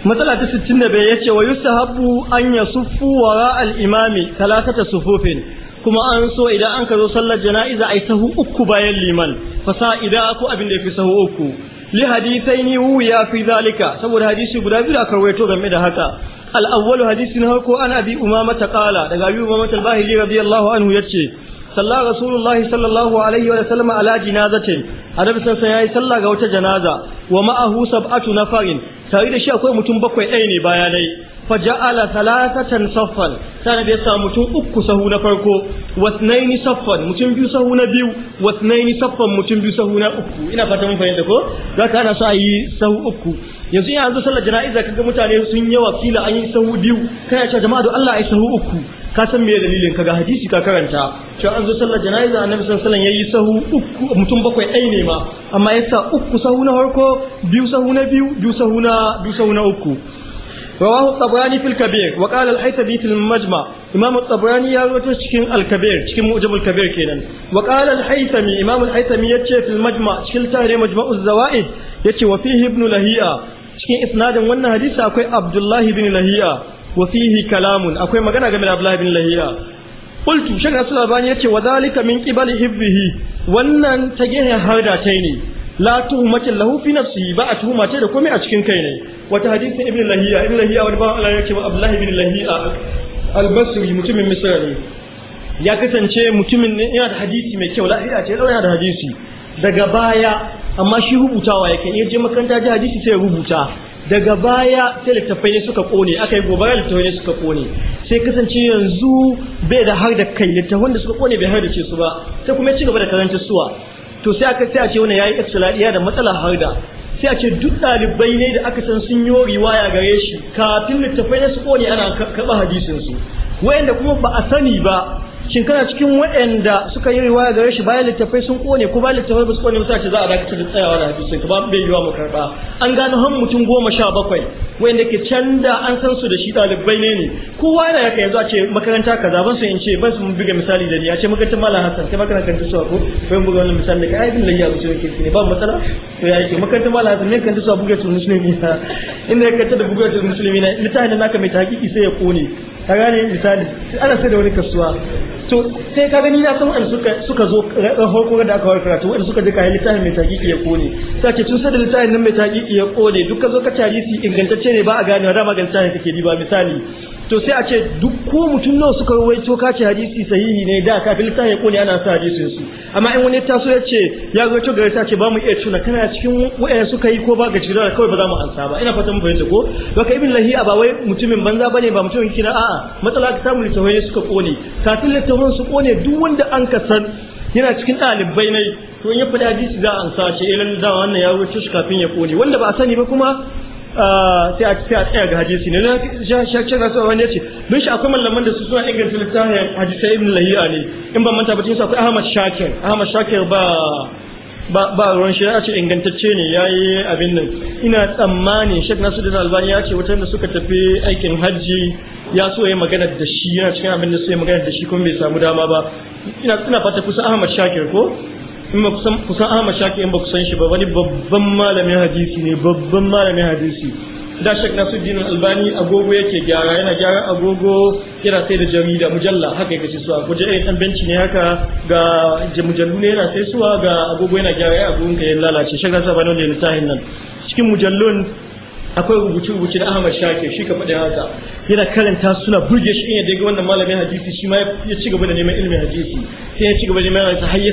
matsala ta 65 yace wa yusahabu an yasuffu wara al-imami talatata sufufin kuma an so idan an kazo sallar jana'iza ai sahu uku bayan liman fasaha idan ko abin da yafi sahu uku li hadithaini ya fi zalika saboda hadisi guda biyu da game da haka al-awwal hadisin harko an abi umama ta kala daga abi umama al-bahili radiyallahu anhu yace salla rasulullahi sallallahu alaihi wa sallam ala jinazatin annabi sallallahu yayi sallah ga wata janaza wa ma'ahu sab'atu nafarin tare da shi akwai mutum bakwai ɗaya ne bayanai faja'ala thalathatan saffan sai da ya samu mutum uku sahu na farko wasnaini saffan mutum biyu sahu na biyu wasnaini saffan mutum biyu sahu na uku ina fata mun fahimta ko zaka ana so a yi sahu uku yanzu ina zo sallar jana'iza kaga mutane sun yawa kila an yi sahu biyu kana cewa jama'a don Allah ai sahu uku ka san me dalilin kaga hadisi ka karanta cewa an zo sallar jana'iza annabi sallallahu alaihi wasallam yayi sahu uku mutum bakwai ɗai ne ma amma yasa uku sahu na farko biyu sahu na biyu biyu sahu na biyu sahu na uku rawahu tabrani fil kabir wa qala al-haythabi fil majma ya rawaito cikin al-kabir cikin mujam al-kabir kenan wa qala al-haythami imam al-haythami yace fil majma cikin tare majma'u zawaid yace wa fihi ibn lahiya cikin isnadin wannan hadisi akwai Abdullahi bin lahiya wa fihi akwai magana game da abdullah ibn lahiya qultu shaka wa zalika min kibal hibbihi wannan ta gehen harda tai ne la tuhumatin lahu fi nafsihi ba a tuhuma ce da komai a cikin kai ne wata hadisin ibn lahiya ibn lahiya wani bawan Allah yake ce abdullahi ibn lahiya al-basri mutumin misra ne ya kasance mutumin ne yana da hadisi mai kyau lafiya ce yana da hadisi daga baya amma shi rubutawa yake iya je makaranta ji hadisi sai rubuta daga baya sai littattafai ne suka kone aka yi gobara littattafai ne suka kone sai kasance yanzu bai da har da kai littattafan da suka kone bai har da ce su ba sai kuma ya ci gaba da karanta suwa to sai aka sai a ce wannan yayi istiladiya da matsala harda sai a ce duk ɗalibai ne da aka san sun yi riwaya gare shi kafin littafai na su kone ana karɓa hadisin su wayanda kuma ba a sani ba shin kana cikin waɗanda suka yi riwaya gare shi bayan littafai sun kone ko bayan littafai ba su kone mutane za a dakatar da tsayawa da hadisi ka ba bai yiwa mu karba an gano han mutum goma sha bakwai wanda ke can da an san su da shi ɗalibai ne ne kowa yana yaka yanzu a ce makaranta kaza ban su in ce ban su buga misali da ni a ce makarantar malam hassan kai makarantar ta suwa ko bayan buga wani misali da kai aibin layya mutum yake ne ba matsala to ya yake makarantar malam hassan ne kan ta suwa buga musulmi na inda ya kanta da buga musulmi na littafin naka mai hakiki sai ya kone ka gane misali ana sai da wani kasuwa to sai ka gani na san wanda suka suka zo farko da aka wani karatu wanda suka je kayan littafin mai taƙiƙi ya kone sai tun sai da littafin nan mai taƙiƙi ya kone duk ka zo ka tari su ingantacce ne ba a gane wa dama ga littafin kake ba misali to sai a ce duk ko mutum nawa suka rawaito kace hadisi sahihi ne da kafin littafin ya kone ana sa hadisin su amma in wani taso ya ce ya rawaito gare ta ce ba mu iya tuna kana cikin wayan suka yi ko ba ga cikin kawai ba za mu ansa ba ina fatan mu fahimta ko baka ibn a ba wai mutumin banza bane ba mutumin kina a'a matsala ka samu littafin suka kone kafin littafin su kone duk wanda an ka san yana cikin ɗalibai ne to in ya faɗi hadisi za a ansa ce eh da wannan ya rawaito shi kafin ya kone wanda ba a sani ba kuma sai a sai a tsaya ga hadisi ne na shakke na sai wani yace don shi akwai malaman da su suna inganta littafin hadisi ibn lahiya ne in ban manta ba cikin akwai Ahmad Shakir Ahmad Shakir ba ba ba ruwan shi ya ce ingantacce ne yayi abin nan ina tsammani Sheikh Nasiruddin Albani ya ce wata da suka tafi aikin hajji ya so ya magana da shi yana cikin abin da so ya magana da shi kuma bai samu dama ba ina ina fata kusa Ahmad Shakir ko in ba kusan Ahmad Shaki in ba kusan shi ba wani babban malamin hadisi ne babban malamin hadisi da na sujin Albani agogo yake gyara yana gyara agogo yana sai da jarida mujalla haka yake suwa kuje irin dan benci ne haka ga mujallu ne yana sai suwa ga agogo yana gyara agogo ka ya lalace Sheikh Nasiruddin Albani ne littafin nan cikin mujallun akwai rubuce-rubuce na Ahmad shake shi ka faɗi haka yana karanta suna burge shi in ya daga wannan malamin hadisi shi ma ya ci gaba da neman ilimin hadisi sai ya ci gaba da neman hadisi har ya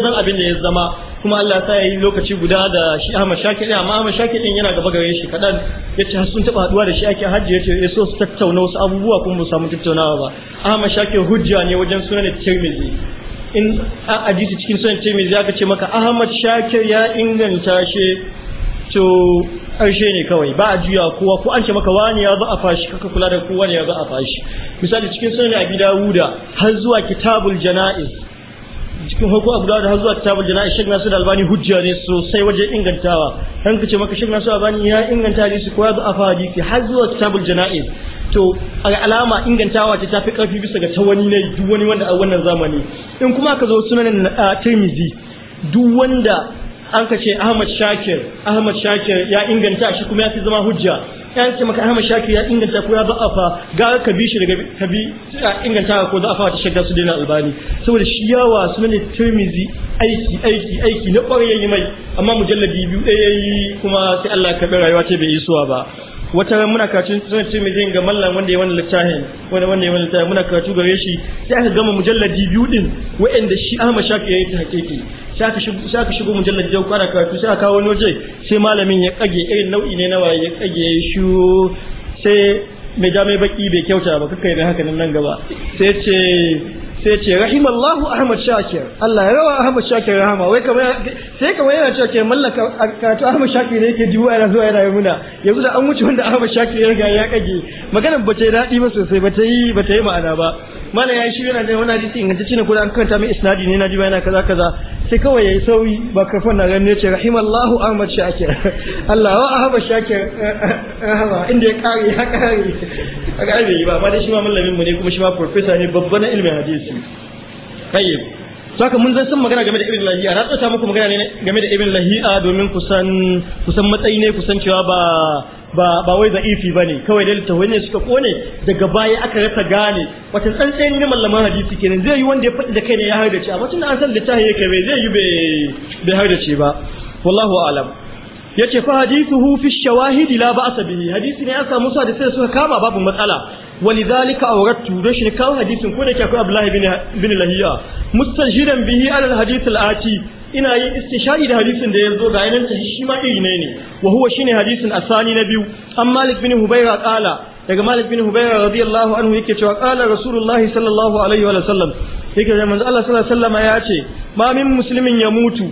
san abin da ya zama kuma Allah ta yi lokaci guda da shi Ahmad ɗin amma Ahmad Shakir din yana gaba gare shi kaɗan. ya ce sun taba haduwa da shi ake hajji yace ya eh, so su tattauna wasu abubuwa kuma ba samu tattaunawa ba Ahmad Shakir hujja ne wajen sunan tirmizi in a hadisi cikin sunan tirmizi aka ce maka Ahmad Shaker ya inganta shi to karshe ne kawai ba a juya kowa ko an ce maka wani ya za a fashi kaka kula da kowa ne ya za a fashi misali cikin sunan abi dawuda har zuwa kitabul jana'iz cikin hukun abu dawuda har zuwa kitabul jana'iz shek nasu da albani hujja ne sosai wajen ingantawa dan ka ce maka shek nasu albani ya inganta hadisi ko ya za a fa hadisi har zuwa kitabul jana'iz to alama ingantawa ta tafi karfi bisa ga ta wani ne duk wani wanda a wannan zamani in kuma ka zo sunan uh, tirmizi duk wanda an ka ce Ahmad Shakir Ahmad Shakir ya inganta shi kuma ya fi zama hujja an ce maka Ahmad Shakir ya inganta ko ya za'afa ga ka bi shi daga ka bi inganta ko za'afa ta shagga su dena albani saboda shi yawa sunan Tirmizi aiki aiki aiki na kwarai yi mai amma mujalladi biyu ɗaya yayi kuma sai Allah ka bi rayuwa ce bai yi suwa ba wata ran muna karatu sunan ce mai ga mallan wanda ya wani littafin wanda wanda ya wani littafin muna karatu gare shi sai aka gama mujalladi biyu din wa'anda shi Ahmad Shakir ya yi ta hakiki sai aka shigo mujallar aka shigo mujallad jau kana karatu sai aka kawo wani waje sai malamin ya kage irin nau'i ne na waye ya kage shi sai mai jami'ai baki bai kyauta ba kakai mai haka nan gaba sai ce sai ce rahimallahu ahmad shakir Allah ya rawa ahmad shakir rahama wai kamar sai kamar yana cewa ke mallaka karatu ahmad shakir ne yake jiwa yana zuwa yana yi muna yanzu da an wuce wanda ahmad shakir ya riga ya kage maganar ba ta yi daɗi ba sosai ba ta yi ba ta yi ma'ana ba malam ya yi shi yana da wani hadisi ingantacce ne ko da an kanta mai isnadi ne na ji yana kaza kaza sai kawai ya yi sauyi ba kafin na ganin rahim rahimallahu ahmad shakir Allah wa ahmad shakir eh, eh, rahama inda ya kare ya kare A ai bai ba ba dai shi ma mallamin mu ne kuma shi ma professor ne babba na ilmin hadisi tayyib saka mun zan san magana game da ibn lahiya na tsota muku magana ne game da ibn lahiya domin kusan kusan matsayi ne kusan cewa ba ba ba wai za'ifi ne, kawai dai littafai ne suka kone daga baya aka rasa gane wata tsantsayin ne malaman hadisi kenan zai yi wanda ya faɗi da kai ne ya hardace amma tunda an san littafi yake bai zai yi bai hardace ba wallahu alam yace fa hadithuhu fi shawahidi la ba'sa bihi hadisi ne an samu sa da sai suka kama babu matsala walidhalika awrattu da shi kawo hadisin ko da ke akwai Abdullahi bin bin Lahiya mustajhidan bihi ala al-hadith ati ina yin istishari da hadisin da ya zo ga yanan ta shi ma iri ne ne wa huwa shine hadisin asani na biyu an malik bin hubaira qala daga malik bin hubaira radiyallahu anhu yake cewa qala rasulullahi sallallahu alaihi wa sallam yake da manzo Allah sallallahu alaihi wa sallam ya ce ma min muslimin ya mutu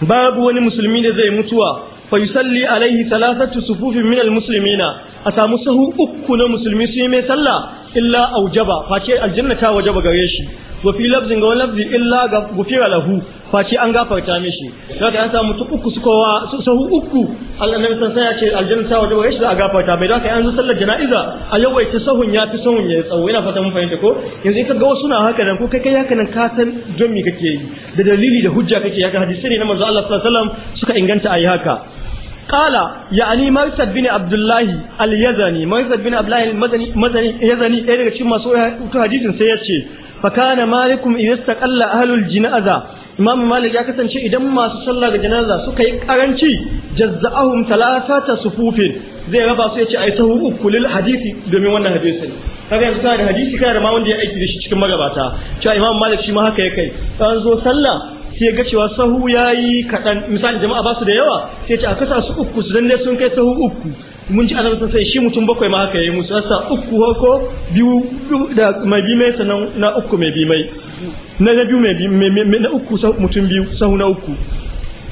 babu wani musulmi da zai mutuwa fa yusalli alaihi thalathatu sufufin min almuslimina a samu sahu uku na musulmi su yi mai sallah illa aujaba ce aljanna ta wajaba gare shi wa fi lafzin ga wani lafzi illa ga gufira lahu face an gafarta mishi ka an mutu uku su kowa sahu uku annabi san sai ya ce aljanna ta waje wai da a gafarta bai da ka yanzu sallar jana'iza a yawaita sahun ya fi sahun ya tsawo ina fata mun fahimta ko yanzu ka ga wasu na haka nan ko kai kai haka nan ka san don me kake yi da dalili da hujja kake ga hadisi ne na manzo Allah sallallahu alaihi wasallam suka inganta ayi haka qala ya'ni مرثد bin Abdullahi al yazani. مرثد bin Abdullahi al-madani madani yazani ɗaya daga cikin masu hadisin sai ya ce fakana malikum idastaqalla ahlul jinaza imamu malik ya kasance idan masu sallah da janaza suka yi karanci jazza'ahum talatata sufufin zai raba su yace ai sahu uku hadisi domin wannan hadisi kaga yanzu kana da hadisi kana da ma wanda ya aiki da shi cikin magabata cewa imam malik shi ma haka ya kai an zo sallah sai ga cewa sahu yayi kadan misali jama'a ba su da yawa sai ce a kasa su uku su danne sun kai sahu uku mun ji annabi sai shi mutum bakwai ma haka yi musu asa uku ko biyu da mai bi mai sanan na uku mai bi mai na na biyu mai bi mai na uku mutum biyu sahu na uku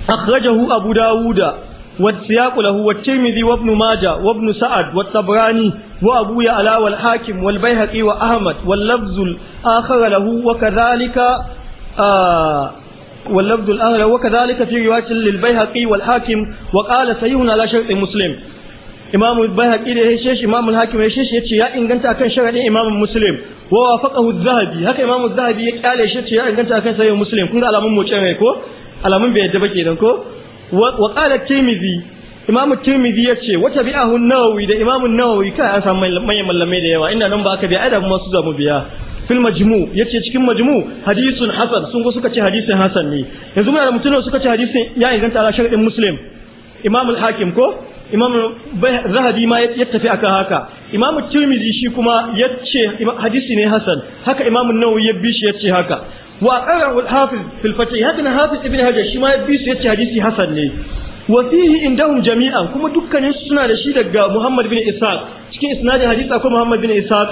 akhrajahu abu dawuda wa siyaqu lahu wa tirmidhi wa ibn majah wa ibn sa'ad wa tabrani wa abu ala wal hakim wal baihaqi wa ahmad wal lafzul akhar lahu wa kadhalika واللفظ الآخر وكذلك في رواية للبيهقي والحاكم وقال سيهنا على شرط مسلم imamu bayhaqi da ya shi imamu hakim ya shi yace ya inganta kan sharadin imamu muslim wa wafaqahu az-zahabi haka imamu az-zahabi ya kyale shi yace ya inganta kan sai muslim kun ga alamun mu rai ko alamun bai yadda ba kenan ko wa qala tirmidhi imamu tirmidhi yace wa tabi'ahu nawawi da imamu nawawi kai an samu manyan mallamai da yawa inda nan ba aka bi ai da masu zamu biya fil majmu yace cikin majmu hadisun hasan sun go suka ce hadisin hasan ne yanzu muna da mutunan suka ce hadisin ya inganta ala sharadin muslim imamu al-hakim ko imam zahabi ma ya tafi akan haka imam tirmizi shi kuma ya ce hadisi ne hasan haka imam nawawi ya bi shi ya ce haka wa aqara al hafiz fil fatih haka hafiz ibn hajar shi ma ya bi shi ya ce hadisi hasan ne wa fihi indahum jami'an kuma dukkanin suna da shi daga muhammad bin ishaq cikin isnadin hadisi akwai muhammad bin ishaq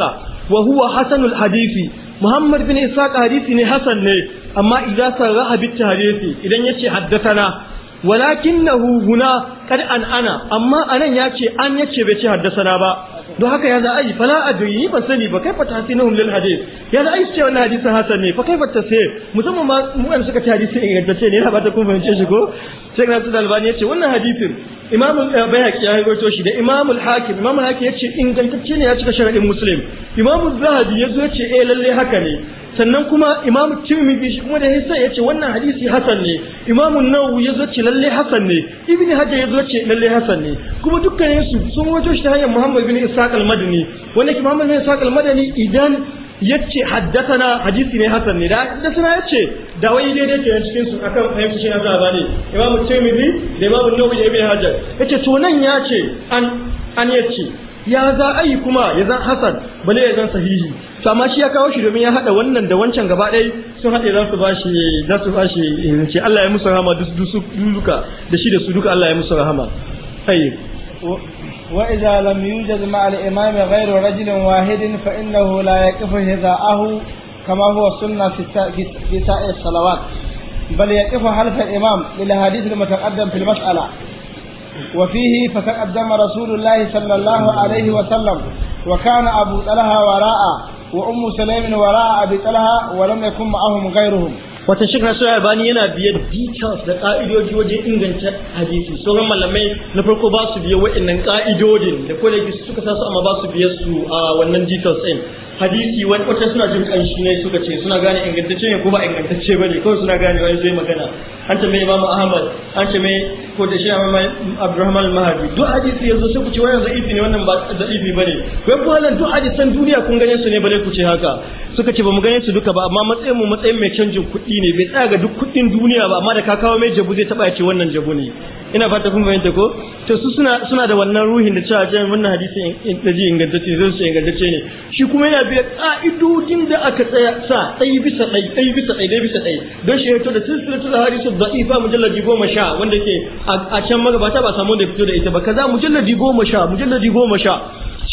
wa huwa hasanul hadisi muhammad bin ishaq hadisi ne hasan ne amma idan sarraha bit hadisi idan yace haddathana Walakin na huna kad an ana amma anan ya ce an yace bai ce na ba don haka ya za a yi fala adri yi ban sani ba kai kaifa tahsinuhum lil hadith ya za a yi cewa hadisin hasan ne fa kaifa tasir musamman ma mu suka ce hadisi ingantacce ne yana ba ta kun fahimce shi ko Sheikh Nasir ya ce wannan hadisin Imam eh, Bayhaqi ya rawaito shi da Imam Al-Hakim Imam Al-Hakim ce ingantacce ne ya cika sharadin Muslim Imam Az-Zahabi yazo ce eh lalle haka ne sannan kuma imam tirmidhi shi kuma da hisa yace wannan hadisi hasan ne imam an-nawawi yazo ce lalle hasan ne ibn hajar yazo ce lalle hasan ne kuma dukkan su sun wato shi ta hanyar muhammad bin ishaq al-madani wanda ke muhammad bin ishaq al-madani idan yace haddathana hadisi ne hasan ne da haddathana yace da wai daidai ke cikin su akan fahimci shi azaba ne imam tirmidhi da imam nawawi da ibn hajar yace to nan yace an an yace ya za ayi kuma ya zan hasan bale ya zan sahihi to amma shi ya kawo shi domin ya hada wannan da wancan gaba ɗaya sun hade za su bashi za su eh, ce Allah ya musu rahama duk duk duka da shi da su duka Allah ya musu rahama hayi wa idza lam yujad ma'a al-imam ghayru rajul wahid fa innahu la yaqifu hidaahu kama huwa sunna fi sa'i salawat bal yaqifu halfa al-imam lil hadith al-mutaqaddam fil mas'ala وفيه فتقدم رسول الله صلى الله عليه وسلم وكان أبو طلحة وراء وأم سليم وراء أبي طلحة ولم يكن معهم غيرهم wata shi nasu albani yana biyar details da ka'idoji wajen inganta hadisi sauran malamai na farko ba su biya wa'annan ƙa'idodin da kodayake suka sa su amma ba su biya su a wannan details ɗin. hadisi wani wata suna jin kanshi ne suka ce suna gane ingantacce ne ko ba ingantacce bane kawai suna gane wani zai magana an mai Imam Ahmad an mai ko da shi Abdurrahman al-Mahdi duk hadisi yanzu sai ku ce wannan za'ifi ne wannan ba za'ifi bane kai ku halan duk hadisan duniya kun gane su ne bale ku ce haka suka ce ba mu gane su duka ba amma matsayin mu matsayin mai canjin kuɗi ne bai tsaya ga duk kuɗin duniya ba amma da ka kawo mai jabu zai taba ya ce wannan jabu ne ina fata kun fahimta ko to su suna suna da wannan ruhin da cewa jami'in wannan hadisi da ji ingantacce zai su ingantacce ne shi kuma yana biya ka'idodin da aka tsaya sa ɗai bisa ɗai ɗai bisa ɗai ɗai bisa ɗai don shi to da silsilatu da da ifa mujalladi goma sha wanda ke a can magabata ba samu da fito da ita ba kaza mujalladi goma sha mujalladi goma sha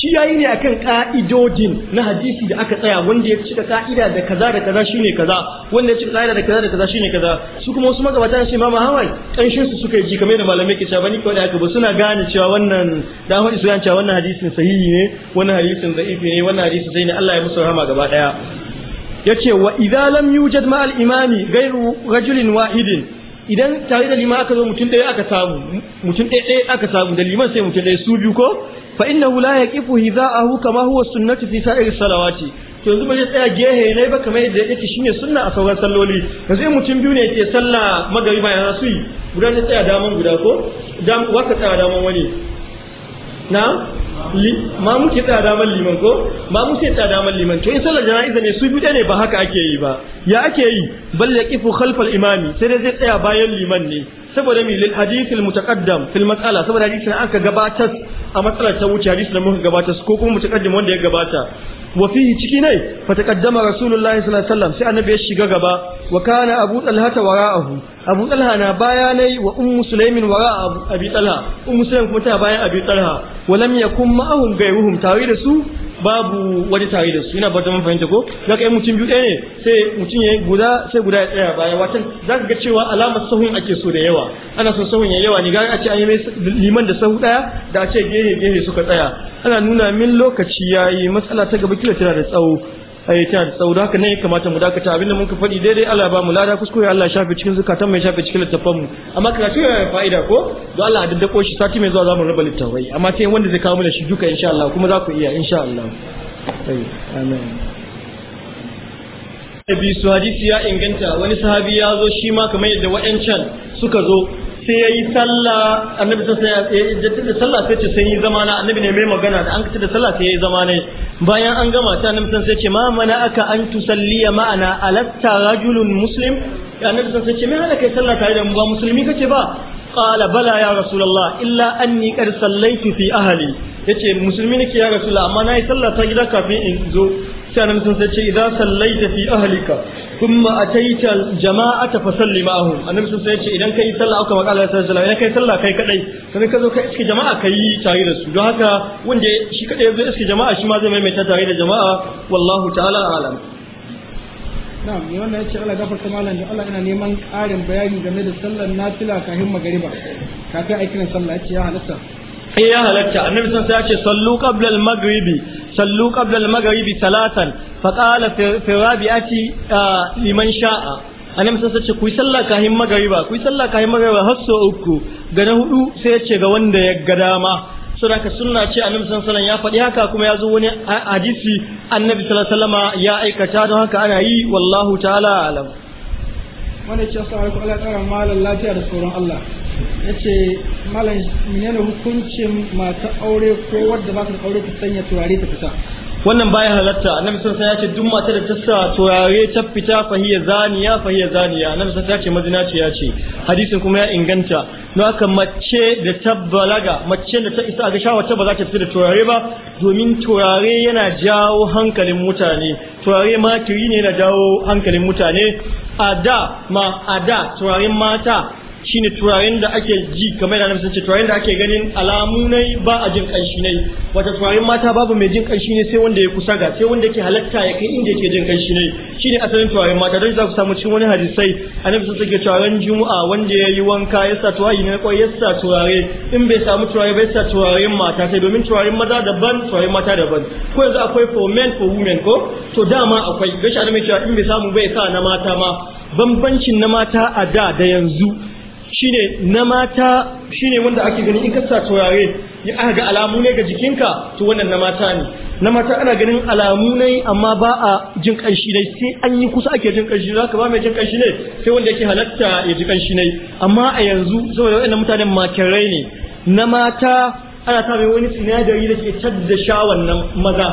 shi yayi ne akan ƙa'idodin na hadisi da aka tsaya wanda ya cika ƙa'ida da kaza da kaza shine kaza wanda ya cika ƙa'ida da kaza da kaza shine kaza su kuma wasu magabata shi Imam Ahmad kanshin su suka ji kamar da malamai ke cewa bani kawai da aka ba suna gane cewa wannan da Ahmad su cewa wannan hadisin sahihi ne wannan hadisin da'ifi ne wannan hadisin sai ne Allah ya musu rahama gaba daya yace wa idza lam yujad ma al imami ghayru rajulin wahidin idan tare da liman aka zo mutum ɗaya aka samu mutum ɗaya aka samu da liman sai mutum ɗaya su biyu ko fa hu la yaqifu hidha'ahu kama huwa sunnati fi sa'ir salawati to yanzu ba zai tsaya gehe ne ba kamar yadda yake shine sunna a sauran salloli yanzu in mutum biyu ne yake sallah magariba ya su yi guda ta tsaya daman guda ko waka tsaya daman wani na ma mu tsada man liman ko ma mu tsada man liman to in sallar jana'iza ne su biyu ne ba haka ake yi ba ya ake yi bal yaqifu khalfal imami sai dai zai tsaya bayan liman ne saboda mi lil hadith al mutaqaddam fil mas'ala saboda hadisin aka gabatar a matsalar ta wuce hadith da muka gabatar ko kuma mutaqaddim wanda ya gabata wa fihi ciki ne fa taqaddama rasulullahi sallallahu alaihi wasallam sai annabi ya shiga gaba wa kana abu talha ta wara'ahu abu talha na baya ne wa ummu sulaimin wara'a abi talha ummu sulaim kuma ta bayan abi talha wa lam yakun ma'ahum ghayruhum tare da su babu wani tare da su ina ba ta fahimta ko za ka yi mutum biyu ɗaya ne sai mutum ya guda sai guda ya tsaya baya watan za ka ga cewa alamar sahun ake so da yawa ana son sahun ya yawa ne gara a ce an yi mai liman da sahu ɗaya da a ce gehe gehe suka tsaya ana nuna min lokaci ya yi matsala ta gaba kila tana da tsawo a eh, ta da haka ne ya kamata mu dakata abinda muka faɗi daidai Allah ba mu lada kuskure Allah ya shafe cikin zukatan mai shafe cikin littafan mu amma karatu ya fa'ida ko don Allah da daddako shi sati mai zuwa zamu raba littafai amma sai wanda zai kawo mana shi duka insha Allah kuma za ku iya insha Allah amin bi su hadisi ya inganta wani sahabi ya zo shi ma kamar yadda wa'ancan suka zo sai ya yi sallah annabi sai ya jattar sallah sai ce sai yi zama na annabi ne mai magana da an kace da sallah sai ya yi zama ne bayan an gama sai annabi sai ce ma mana aka an tusalliya ma'ana alatta rajulun muslim annabi sai ce me hana kai sallah tare da mu ba musulmi kake ba qala bala ya rasulullah illa anni qad sallaitu fi ahli yace musulmi nake ya rasulullah amma nayi sallah ta gida kafin in zo sai annabi sai ce idan sallaita fi ahlika ثم اتيت الجماعه fasalli معهم annabi sun sai ce idan kayi sallah aka maka Allah sallallahu idan kai sallah kai kadai ka zo ka iske jama'a kai tare da su don haka wanda shi kadai ya zo iske jama'a shi ma zai maimaita tare da jama'a wallahu ta'ala alam na'am ne wannan yace Allah gafarta malam da Allah ina neman ƙarin bayani game da sallar nafila kafin magariba kafin aikin sallah yace ya halatta sai ya halatta annabi sun sai ya ce sallu qabla al-maghribi sallu qabla al-maghribi salatan fa qala fi rabi'ati ah, liman sha'a annabi sun ce ku yi sallah kahin magariba ku yi sallah kahin magariba har so uku ga na hudu sai ya ce ga wanda ya ga dama suna ka sunna ce annabi sallallahu alaihi ya faɗi haka kuma ya zo wani hadisi annabi sallallahu alaihi ya aikata don haka ana yi wallahu ta'ala alam wanda ke sa alaikum Allah tsara malam lafiya da tsoron Allah ya ce malam menene hukuncin mata aure ko wadda ba ta aure ta sanya turare ta fita wannan bayan halatta annabi sun sa ya ce duk mata da ta sa turare ta fita fahiyya zaniya fahiyya zaniya annabi sun ya ce mazinaci ya ce hadisin kuma ya inganta don haka mace da ta balaga mace da ta isa ga shawa ta ba za ta fita da turare ba domin turare yana jawo hankalin mutane turare makiri ne yana jawo hankalin mutane a da ma a da turaren mata shine turaren da ake ji kamar yana nufin ce turaren da ake ganin alamu ne ba a jin kanshi ne wata turaren mata babu mai jin kanshi ne sai wanda ya kusa ga sai wanda yake halatta ya kai inda yake jin kanshi ne shine asalin turaren mata don za ku samu cikin wani hadisai annabi sun sake turaren juma'a wanda ya yi wanka ya sa turayen ne kwai ya sa turare in bai samu turare bai sa turaren mata sai domin turaren maza daban turaren mata daban ko yanzu akwai for men for women ko to dama akwai gashi annabi cewa in bai samu bai sa na mata ma bambancin na mata a da da yanzu shine na mata shine wanda ake gani in kasa turare taurare ya aka ga alamu ne ga jikinka to wannan na mata ne na mata ana ganin alamu ne amma ba a jin kanshi ne sai an yi kusa ake jin kanshi zaka ba mai jin kanshi ne sai wanda yake halatta ya ji kanshi ne amma a yanzu saboda waɗannan mutanen makarai ne na mata ana ta wani sinadari da ke tadda sha nan maza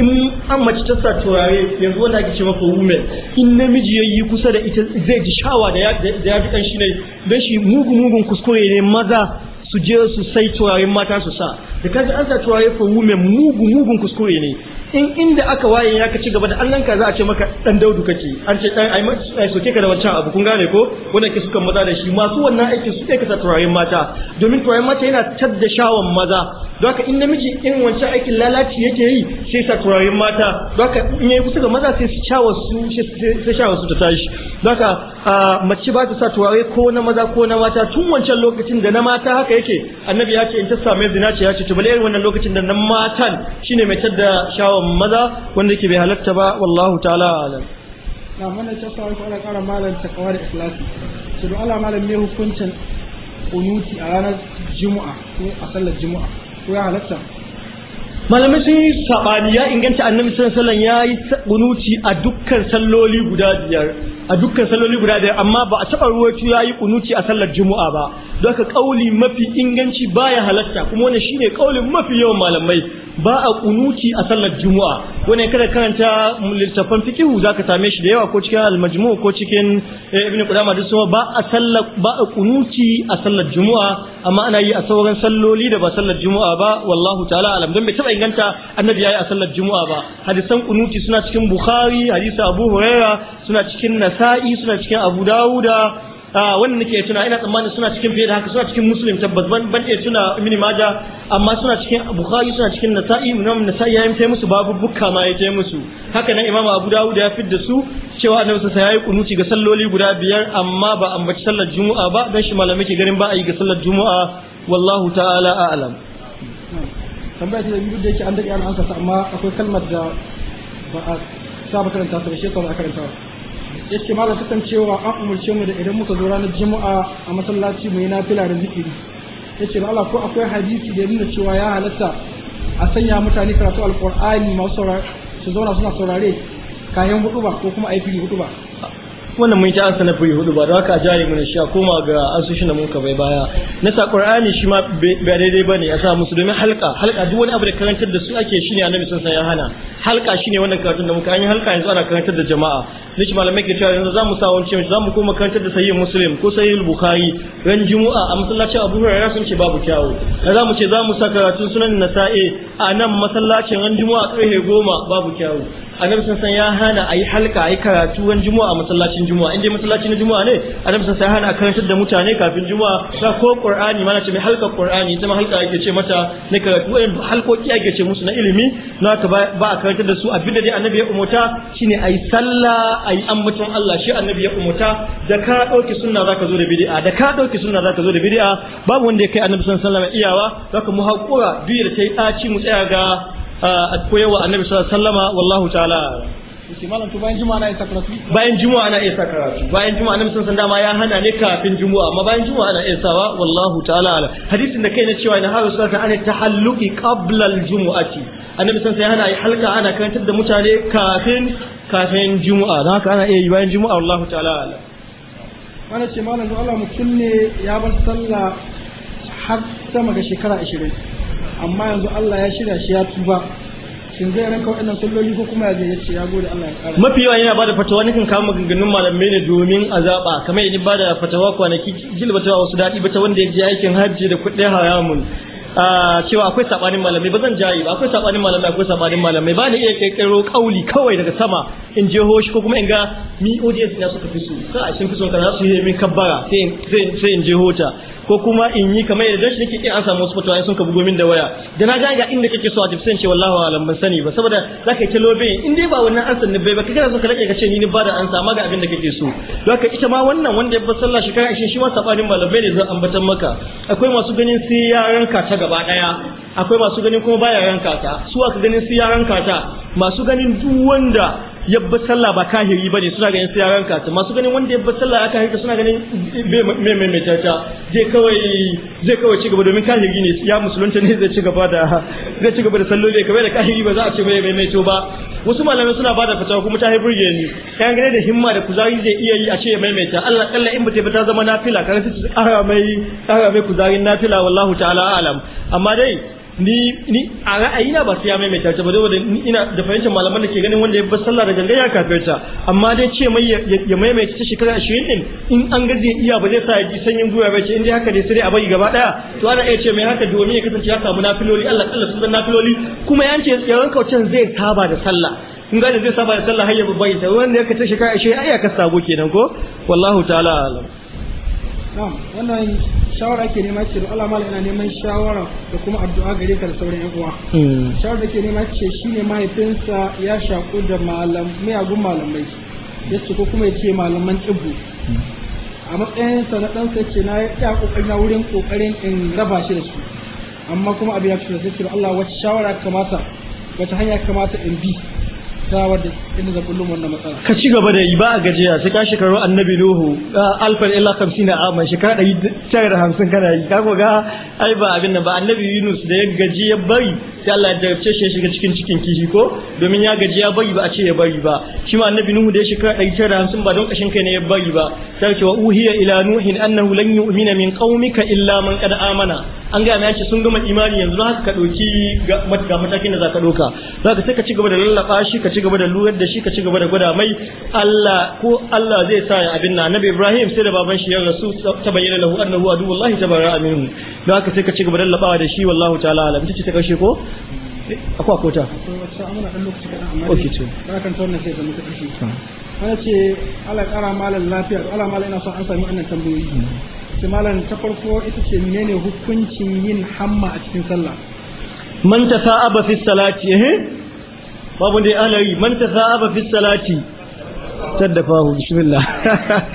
in an mace ta sa turare yanzu wanda ake ce maka women in namiji ya yi kusa da ita zai ji shawa da ya fi kanshi ne don shi mugun mugun kuskure ne maza su je su sai turaren mata su sa da kaji an sa tuwaye for women mugu mugun kuskure ne in inda aka waye ya ka ci gaba da an ka za a ce maka dan daudu kake an ce dan ai soke ka da wancan abu kun gane ko wannan ke suka maza da shi masu wannan aikin su ka kasa turayen mata domin turayen mata yana tadda shawon maza don haka in namiji in wancan aikin lalaci yake yi sai sa turayen mata don haka in yayi kusa ga maza sai su shawon su sai shawon su ta tashi don haka mace ba ta sa turare ko na maza ko na mata tun wancan lokacin da na mata haka yake annabi ya ce in ta same zina ya ce tubale wannan lokacin da nan matan shine mai tadda shawon maza wanda yake bai halarta ba wallahu ta'ala alam na mana ta sa shi ana kara malam takawa da ikhlasi to don Allah malam ne hukuncin unuti a ranar juma'a ko a sallar juma'a ko ya halarta. malamai sun yi saɓani ya inganta annabi sallallahu ya yi kunuci a dukkan salloli guda biyar a dukkan salloli guda biyar amma ba a taɓa ruwaito ya yi kunuci a sallar juma'a ba don haka ƙauli mafi inganci baya halatta kuma wannan shine kaulin mafi yawan malamai ba a kunuti a sallar juma'a wani kada karanta littafan fikihu zaka same shi da yawa ko cikin al ko cikin eh, ibn qudama da sama ba a sallar ba a kunuti a sallar juma'a amma ana yi a sauran salloli da ba sallar juma'a ba wallahu ta'ala alam dan bai taba inganta annabi yayi a sallar juma'a ba hadisan kunuti suna cikin bukhari hadisi abu huraira suna cikin nasa'i suna cikin abu dawuda Ah, wannan nake tuna ina tsammanin suna cikin fiye da haka suna cikin muslim tabbas ban ban iya tuna ibn maja amma suna cikin bukhari suna cikin nasa'i imam nasa'i ya yi musu babu bukka ma ya yi musu haka nan imam abu dawud ya fidda su cewa annabi sallallahu alaihi kunuci ga salloli guda biyar amma ba ambaci sallar juma'a ba dan shi malamai ke ganin ba a yi ga sallar juma'a wallahu ta'ala a'lam tambaya ce da duk da yake an daɗe an ansa amma akwai kalmar da ba a saba karanta ta ba shekaru ba a karanta ba. yace malam kasan cewa an umarce mu da idan muka zo ranar juma'a a masallaci mu yi nafila da zikiri yace da Allah ko akwai hadisi da nuna cewa ya halatta a sanya mutane karatu alqur'ani masu su zauna suna saurare kayan hudu ba ko kuma ayi hudu ba wannan mun ta ansa na hudu ba da haka jari mun sha koma ga asushi na mun bai baya na sa qur'ani shi ma ba daidai bane ya sa musu domin halka halka duk wani abu da karantar da su ake shine annabi sun san ya hana halka shine wannan karatun da muka an yi halka yanzu ana karantar da jama'a shi malamai ke cewa yanzu zamu sa wancan cewa zamu koma karantar da sahih muslim ko sahih bukhari ran jumu'a a masallacin abu hurairah sun ce babu kyawu da zamu ce zamu sa karatun sunan nasa'i a nan masallacin ran jumu'a karfe goma babu kyawu annabi sun san ya hana a yi halka a yi karatu wani juma'a a masallacin juma'a inda masallaci na juma'a ne annabi sun san ya hana a karantar da mutane kafin juma'a ta ko qur'ani mana ce mai halka qur'ani ita ma halka ake ce mata na karatu wayan halkoki ake ce musu na ilimi na ka ba a karantar da su abin da dai annabi ya umurta shine a yi sallah a yi ambaton Allah shi annabi ya umurta da ka dauki sunna zaka zo da bid'a da ka dauki sunna zaka zo da bid'a babu wanda ya kai annabi sun alaihi iyawa zaka mu haƙura biyar ta yi ɗaci mu tsaya ga a koyarwa annabi sallama wallahu ta'ala bayan juma'a ana iya karatu bayan juma'a ana iya karatu bayan juma'a annabi sallallahu alaihi dama ya hana ne kafin juma'a amma bayan juma'a ana iya sawa wallahu ta'ala hadisin da kai na cewa na haru sallata alaihi tahalluqi qabla al-jumu'ati annabi sallallahu ya hana yi halka ana karantar da mutane kafin kafin juma'a don haka ana iya yi bayan juma'a wallahu ta'ala mana ce malam Allah mutum ne ya bar sallah har sama ga shekara 20 amma yanzu Allah ya shirya shi ya tuba shin zai ranka wannan salloli ko kuma ya ce ya gode Allah ya kara mafi yawa yana bada fatawa nikan kawo maganganun malamai ne domin a zaɓa kamar yadda bada fatawa kwanaki gilbata wasu daɗi bata wanda ya je aikin hajji da kuɗin haramun cewa akwai sabanin malamai ba zan jayi ba akwai sabanin malamai akwai sabanin malamai ba ni iya kirkiro kauli kawai daga sama in je hoshi ko kuma in ga mi audience na suka fi su ka a shin fi son kana su yi min kabbara sai in je hota ko kuma in yi kamar yadda shi nake kin an samu wasu fatawa sun ka bugo min da waya da na ga inda kake so a tafi ce wallahi alam ban sani ba saboda zaka yi talo lobe in dai ba wannan ansan ne bai ba kana so ka rike ka ce ni ne ba da ansa ma ga abin da kake so haka ita ma wannan wanda ya bar sallah shi kana shi ma sabanin malamai ne zan ambatan maka akwai masu ganin sai ranka ta gaba daya akwai masu ganin kuma baya ranka ta su ganin sai yaran ta masu ganin duk wanda yabba sallah ba kahiri bane suna ganin sai ya ranka ta masu ganin wanda yabba sallah ya kahiri suna ganin me me me tata zai kawai zai kawai ci domin kahiri ne ya musulunta ne zai ci da zai ci gaba da salloli kamar da kahiri ba za a ce mai mai mai ba wasu malamai suna bada fata kuma ta haifar ya kayan gane da himma da kuzari zai iya yi a ce ya maimaita Allah kalla in ba ta zama nafila kan sai ta kara mai kara mai kuzarin nafila wallahu ta'ala alam amma dai ni ni a na ba sai ya maimaita ta ba ni ina da fahimtar malaman da ke ganin wanda ya bar sallah da gangan ya kafirta amma dai ce mai ya maimaita ta shekara 20 din in an gaje zai iya ba zai sa ya ji sanyin guya ba ce in dai haka ne sai dai a bari gaba daya to ana iya ce mai haka domin ya kasance ya samu nafiloli Allah kalla sun san nafiloli kuma ya ce yawan kaucin zai saba da sallah kun gane zai saba da sallah har ya babbai ta wanda ya kace shekara 20 ai ya ka sabo kenan ko wallahu ta'ala alam na'am wannan shawara ake nema ce Allah mala ina neman shawara da kuma addu'a gare ka da sauran yan uwa hmm. shawara da ke nema ce shine mahaifinsa ya shaku da malam miyagun malamai yace ko kuma yace malaman tsibbu a matsayinsa na ɗansa ce na ya kokari na wurin kokarin in raba shi da su amma kuma abin ya fito da sai Allah wacce shawara kamata wacce hanya kamata in bi inda kullum wannan matsala ka ci gaba da yi ba a gajiya sai ka shekaru annabi nuhu alfan illa kamsina a mai shekara ɗari tara da hamsin kana yi ka ga ai ba abin nan ba annabi yunus da ya gaji ya bari sai Allah ya jarabce shi ya shiga cikin cikin kishi ko domin ya gaji ya bari ba a ce ya bari ba shi ma annabi nuhu da ya shekara ɗari tara da hamsin ba don kashin kai ne ya bari ba sai ce wa uhiya ila nuhin annahu lan yu'mina min qaumika illa man qad amana an gaya mai sun gama imani yanzu na haka ka ɗauki ga matakin da za ka ɗauka za ka sai ka ci gaba da lallaɓa shi ka ci gaba da lurar da shi ka ci gaba da gwada mai Allah ko Allah zai sa ya abin na Nabi Ibrahim sai da baban shi ya rasu ta bayyana lahu annahu adu wallahi tabara aminu don haka sai ka ci gaba da lallaɓawa da shi wallahu ta'ala alam ce ta karshe ko akwai akota ok ce ka ka tona sai ce ala kara malam lafiya ala malam ina son an sami wannan tambayoyi malam ta farko ita ce menene hukuncin yin hamma a cikin sallah man tasa'aba fi salati eh babu dai alayi man tasa'aba fi salati taddafahu bismillah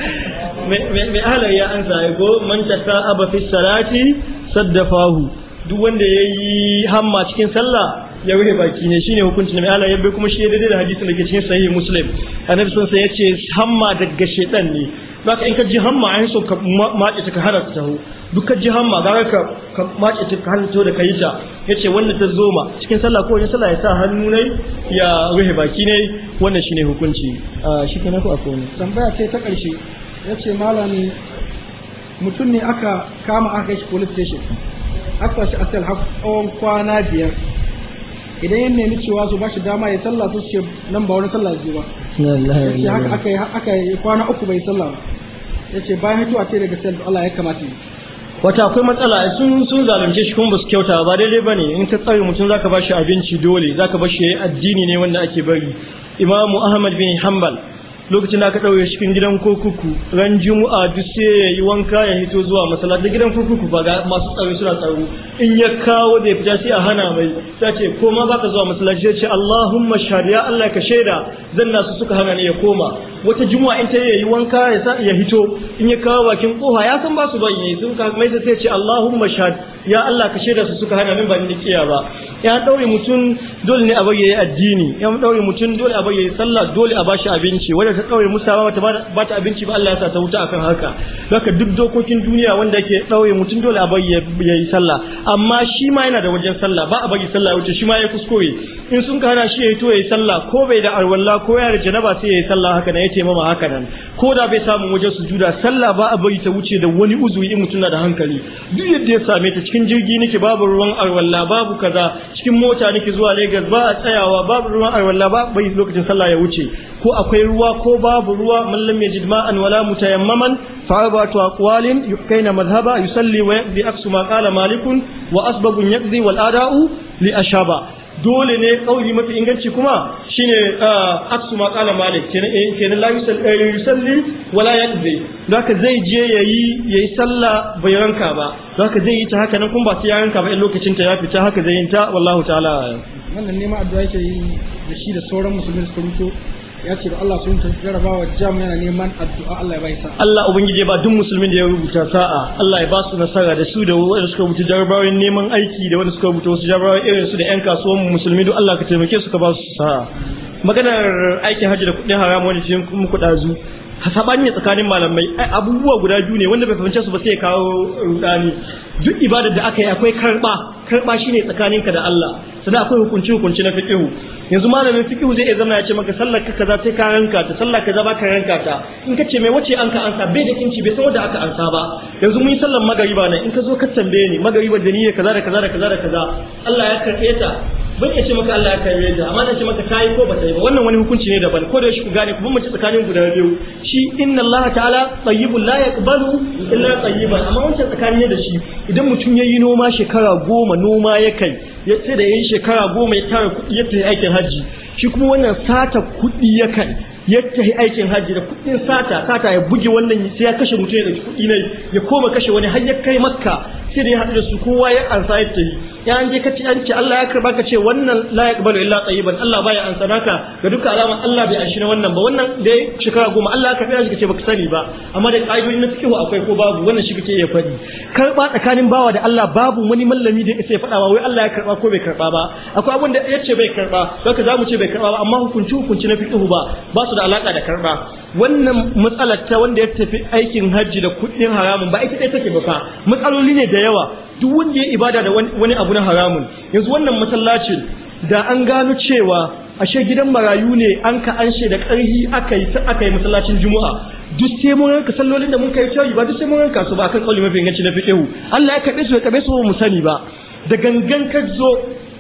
<laughs> mai alayi ya ansa ya go man tasa'aba fi salati saddafahu duk wanda yayi hamma cikin sallah ya wuce baki ne shine hukuncin mai alayi bai kuma shi daidai da hadisin da ke cikin sahihi muslim annabi sun sai yace hamma daga shedan ne zaka in ka ji hamma an so ka mace ta ka hana ta taho duk ka ji hamma za ka ka mace ta ka hana ta da ka yi ta ya ce wanda ta zoma cikin sallah ko wani sallah ya sa hannu ne ya rufe baki ne wannan shi ne hukunci shi ke naku akwai wani. tambaya ce ta ƙarshe ya ce malami mutum ne aka kama aka yi shi police station aka shi asal har tsawon kwana biyar idan ya nemi cewa su ba shi dama ya sallah su ce nan ba wani sallah zai ba yace haka aka yi kwana uku bai sallah ba yace bayan ta ce daga sallah Allah ya kamata yi wata akwai matsala sun sun zalunce shi kuma basu kyauta ba daidai ne, in ta tsare mutum zaka ba shi abinci dole zaka ba shi addini ne wanda ake bari imamu ahmad bin Hambal. lokacin da aka ɗauye cikin gidan kurkuku ran juma'a duk sai ya yi wanka ya hito zuwa da gidan kurkuku ba ga masu tsaro suna tsaro in ya kawo da ya fita sai a hana mai ta ce ko ma ka zuwa masallaci ya ce Allahumma shahad ya Allah ka shaida zan na su suka hana ne ya koma wata juma'a in ta yi wanka ya hito in ya kawo bakin koha ya san ba su ban yi sun ka mai sai ce Allahumma shahad ya Allah ka shaida su suka hana min ba ni kiya ba yan daure mutum dole ne a bayyana addini ya daure mutum dole a bayyana sallah dole a bashi abinci wanda ta daure musa ba ta ba ta abinci ba Allah ya sa ta wuta akan haka haka duk dokokin duniya wanda ke daure mutum dole a bayyana sallah amma shi ma yana da wajen sallah ba a bayyana sallah wuce shi ma ya kuskure in sun ka hana shi ya yi to ya yi sallah ko bai da alwala ko ya da janaba sai ya yi sallah haka nan ya ce mama haka nan ko da bai samu wajen sujuda sallah ba a bari ta wuce da wani uzuri in mutum na da hankali duk yadda ya same ta cikin jirgi nake babu ruwan alwala babu kaza cikin mota nake zuwa Lagos ba a tsayawa babu ruwan alwala ba bai lokacin sallah ya wuce ko akwai ruwa ko babu ruwa man lam yajid ma'an wala mutayammaman fa arbatu aqwalin yukaina madhhaba yusalli wa yaqdi aksu ma qala malikun wa asbabun yaqdi wal ada'u li ashaba dole ne kauri mafi inganci kuma shine aksu ah, ma qala malik kenan eh, kenan la eh, yusalli wala yaqdi haka zai je yayi yayi sallah bai ranka ba aka zai yi ta haka nan kuma ba sai ya ranka ba in lokacin ta ya fita haka zai yin ta wallahu ta'ala wannan nema addu'a yake yi da shi da sauran musulmi su ya ce da Allah sun tafi jarabawa jam yana neman addu'a Allah ya bai sa Allah ubangiji ba duk musulmin da ya rubuta sa'a Allah ya ba su nasara da su da wanda suka rubuta jarabawoyin neman aiki da wanda suka rubuta wasu jarabawoyin irin su da yan kasuwan musulmi duk Allah ka taimake su ka ba su sa'a maganar aikin hajji da kuɗin haram wani cikin muku ɗazu sabani ne tsakanin malamai abubuwa guda biyu ne wanda bai fahimce su ba sai ya kawo rudani duk ibadar da aka yi akwai karɓa. Karɓa shine tsakaninka da Allah sannan akwai hukunci hukunci na fiƙihu. yanzu malamin fiƙihu zai iya zama ya ce maka sallar ka kaza sai ka ranka ta sallar kaza ba ka ranka ta in ka ce mai wace an ka ansa bai da kinci bai san wanda aka ansa ba yanzu mun yi sallar magariba nan in ka zo ka tambaye ni magariba da niyya kaza da kaza da kaza da kaza Allah ya karɓe ta ban iya ce maka Allah ya karɓe ta amma dan ce maka yi ko ta yi ba wannan wani hukunci ne daban ko da shi ku gane ku mace tsakanin guda biyu shi inna Allah ta'ala tayyibul la yaqbalu illa tayyiban amma wancan tsakanin ne da shi idan mutum yayi noma shekara goma noma ya kai ya ce da yi shekara goma ya tara kuɗi ya tafi aikin hajji shi kuma wannan sata kuɗi ya kai ya aikin hajji da kudin sata sata ya buge wannan sai ya kashe mutum ya kudi ne ya koma kashe wani har ya kai makka sai da ya haɗu da su kowa ya ansa ya tafi ya an je ka ci an ce Allah ya karba ka ce wannan la yaqbalu illa tayyiban Allah baya ansa naka ga duka alama Allah bai anshi wannan ba wannan da shekara goma Allah ya fi shi ce baka sani ba amma da ƙa'idoji na fiqh akwai ko babu wannan shi kake ya faɗi karba tsakanin bawa da Allah babu wani mallami da ya faɗa wai Allah ya karba ko bai karba ba akwai abin da ya ce bai karba haka zamu ce bai karba ba amma hukunci hukunci na fiqhu ba ba su da alaka da karba wannan matsalar ta wanda ya tafi aikin hajji da kuɗin haramun ba ita ɗaya take ba fa matsaloli ne da yawa duk wanda ya ibada da wani abu na haramun yanzu wannan masallacin da an gano cewa ashe gidan marayu ne an ka an da ƙarhi aka yi aka yi masallacin juma'a duk sai mun ranka sallolin da mun kai tayi ba duk sai mun ranka su ba kan kauli mafi inganci na fiqihu Allah ya kabe su ya kabe su mu sani ba da gangan ka zo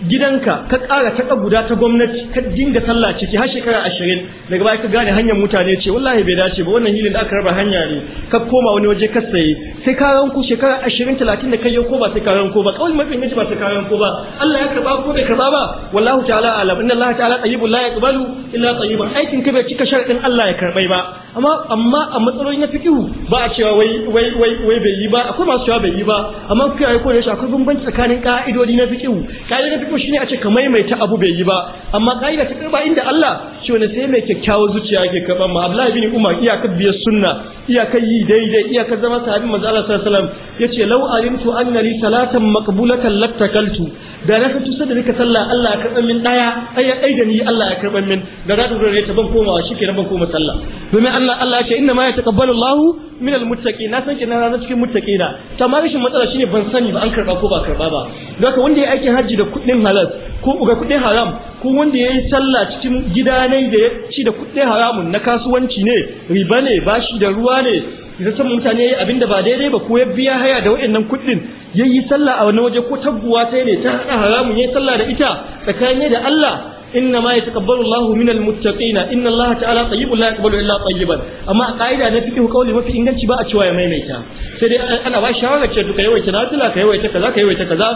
gidanka ka ƙara taɓa guda ta gwamnati ka dinga sallah ciki har shekara ashirin daga baya ka gane hanyar mutane ce wallahi bai dace ba wannan hilin da aka raba hanya ne ka koma wani waje ka saye sai ka ranku shekara ashirin talatin da kai ko ba sai ka ranku ba kawai mafi inganci ba sai ka ranku ba Allah ya karɓa ko bai karɓa ba wallahu ta'ala alam inna Allah ta'ala tayyibun la yaqbalu illa tayyiban aikin ka bai cika sharadin Allah ya karɓai ba amma amma a matsaloli na fikihu ba a cewa wai wai wai wai bai yi ba akwai masu cewa bai yi ba amma kuka yi kodayaushe akwai bambanci tsakanin ka'idodi na fikihu ka'idodi na fikihu shine a ce ka maimaita abu bai yi ba amma ka'ida ta karba inda Allah shi wani sai mai kyakkyawar zuciya yake karban ma Abdullahi bin Umar iyaka biyar sunna iyakar yi daidai iyakar zama sahabin manzo Allah sallallahu alaihi wasallam yace law alimtu anna li salatan maqbulatan lattakaltu da na san sai da nika sallah Allah ya karban min daya ai ai da ni Allah ya karban min da na ne ta ban komawa shikenan ban koma sallah domin Allah Allah ya ce inna ma yataqabbalu Allah min almuttaqin na san kina ranar cikin muttaqina to amma rashin matsala shine ban sani ba an karba ko ba karba ba haka wanda ya aikin hajji da kudin halal ko ga kudin haram ko wanda ya yi sallah cikin gida ne da ya da kudin haramun na kasuwanci ne riba ne bashi da ruwa ne idan san mutane yayi abinda ba daidai ba ko ya biya haya da wayannan kuɗin yayi sallah a wannan waje ko taguwa ta ne ta hada haramun yayi sallah da ita Tsakanin da Allah inna ma yataqabbalu Allahu minal muttaqina inna Allah ta'ala tayyibun la yaqbalu illa tayyiban amma kaida na fiqh kauli mafi inganci ba a cewa ya maimaita sai dai ana ba shawara ce duka yawaita nafila ka yawaita kaza ka yawaita kaza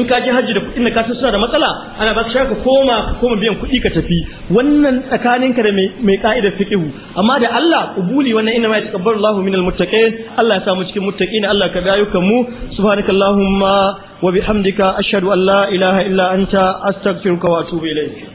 in ka ji hajji da kuɗi da ka san suna da matsala ana baka shaka koma ka koma biyan kuɗi ka tafi wannan tsakaninka da mai ka'ida fiƙihu amma da Allah kubuli wannan inna ma yataqabbalu Allahu minal muttaqin Allah ya samu cikin muttaqin Allah ka ga ayyukan mu subhanakallahumma wa bihamdika ashhadu an la ilaha illa anta astaghfiruka wa atubu ilayk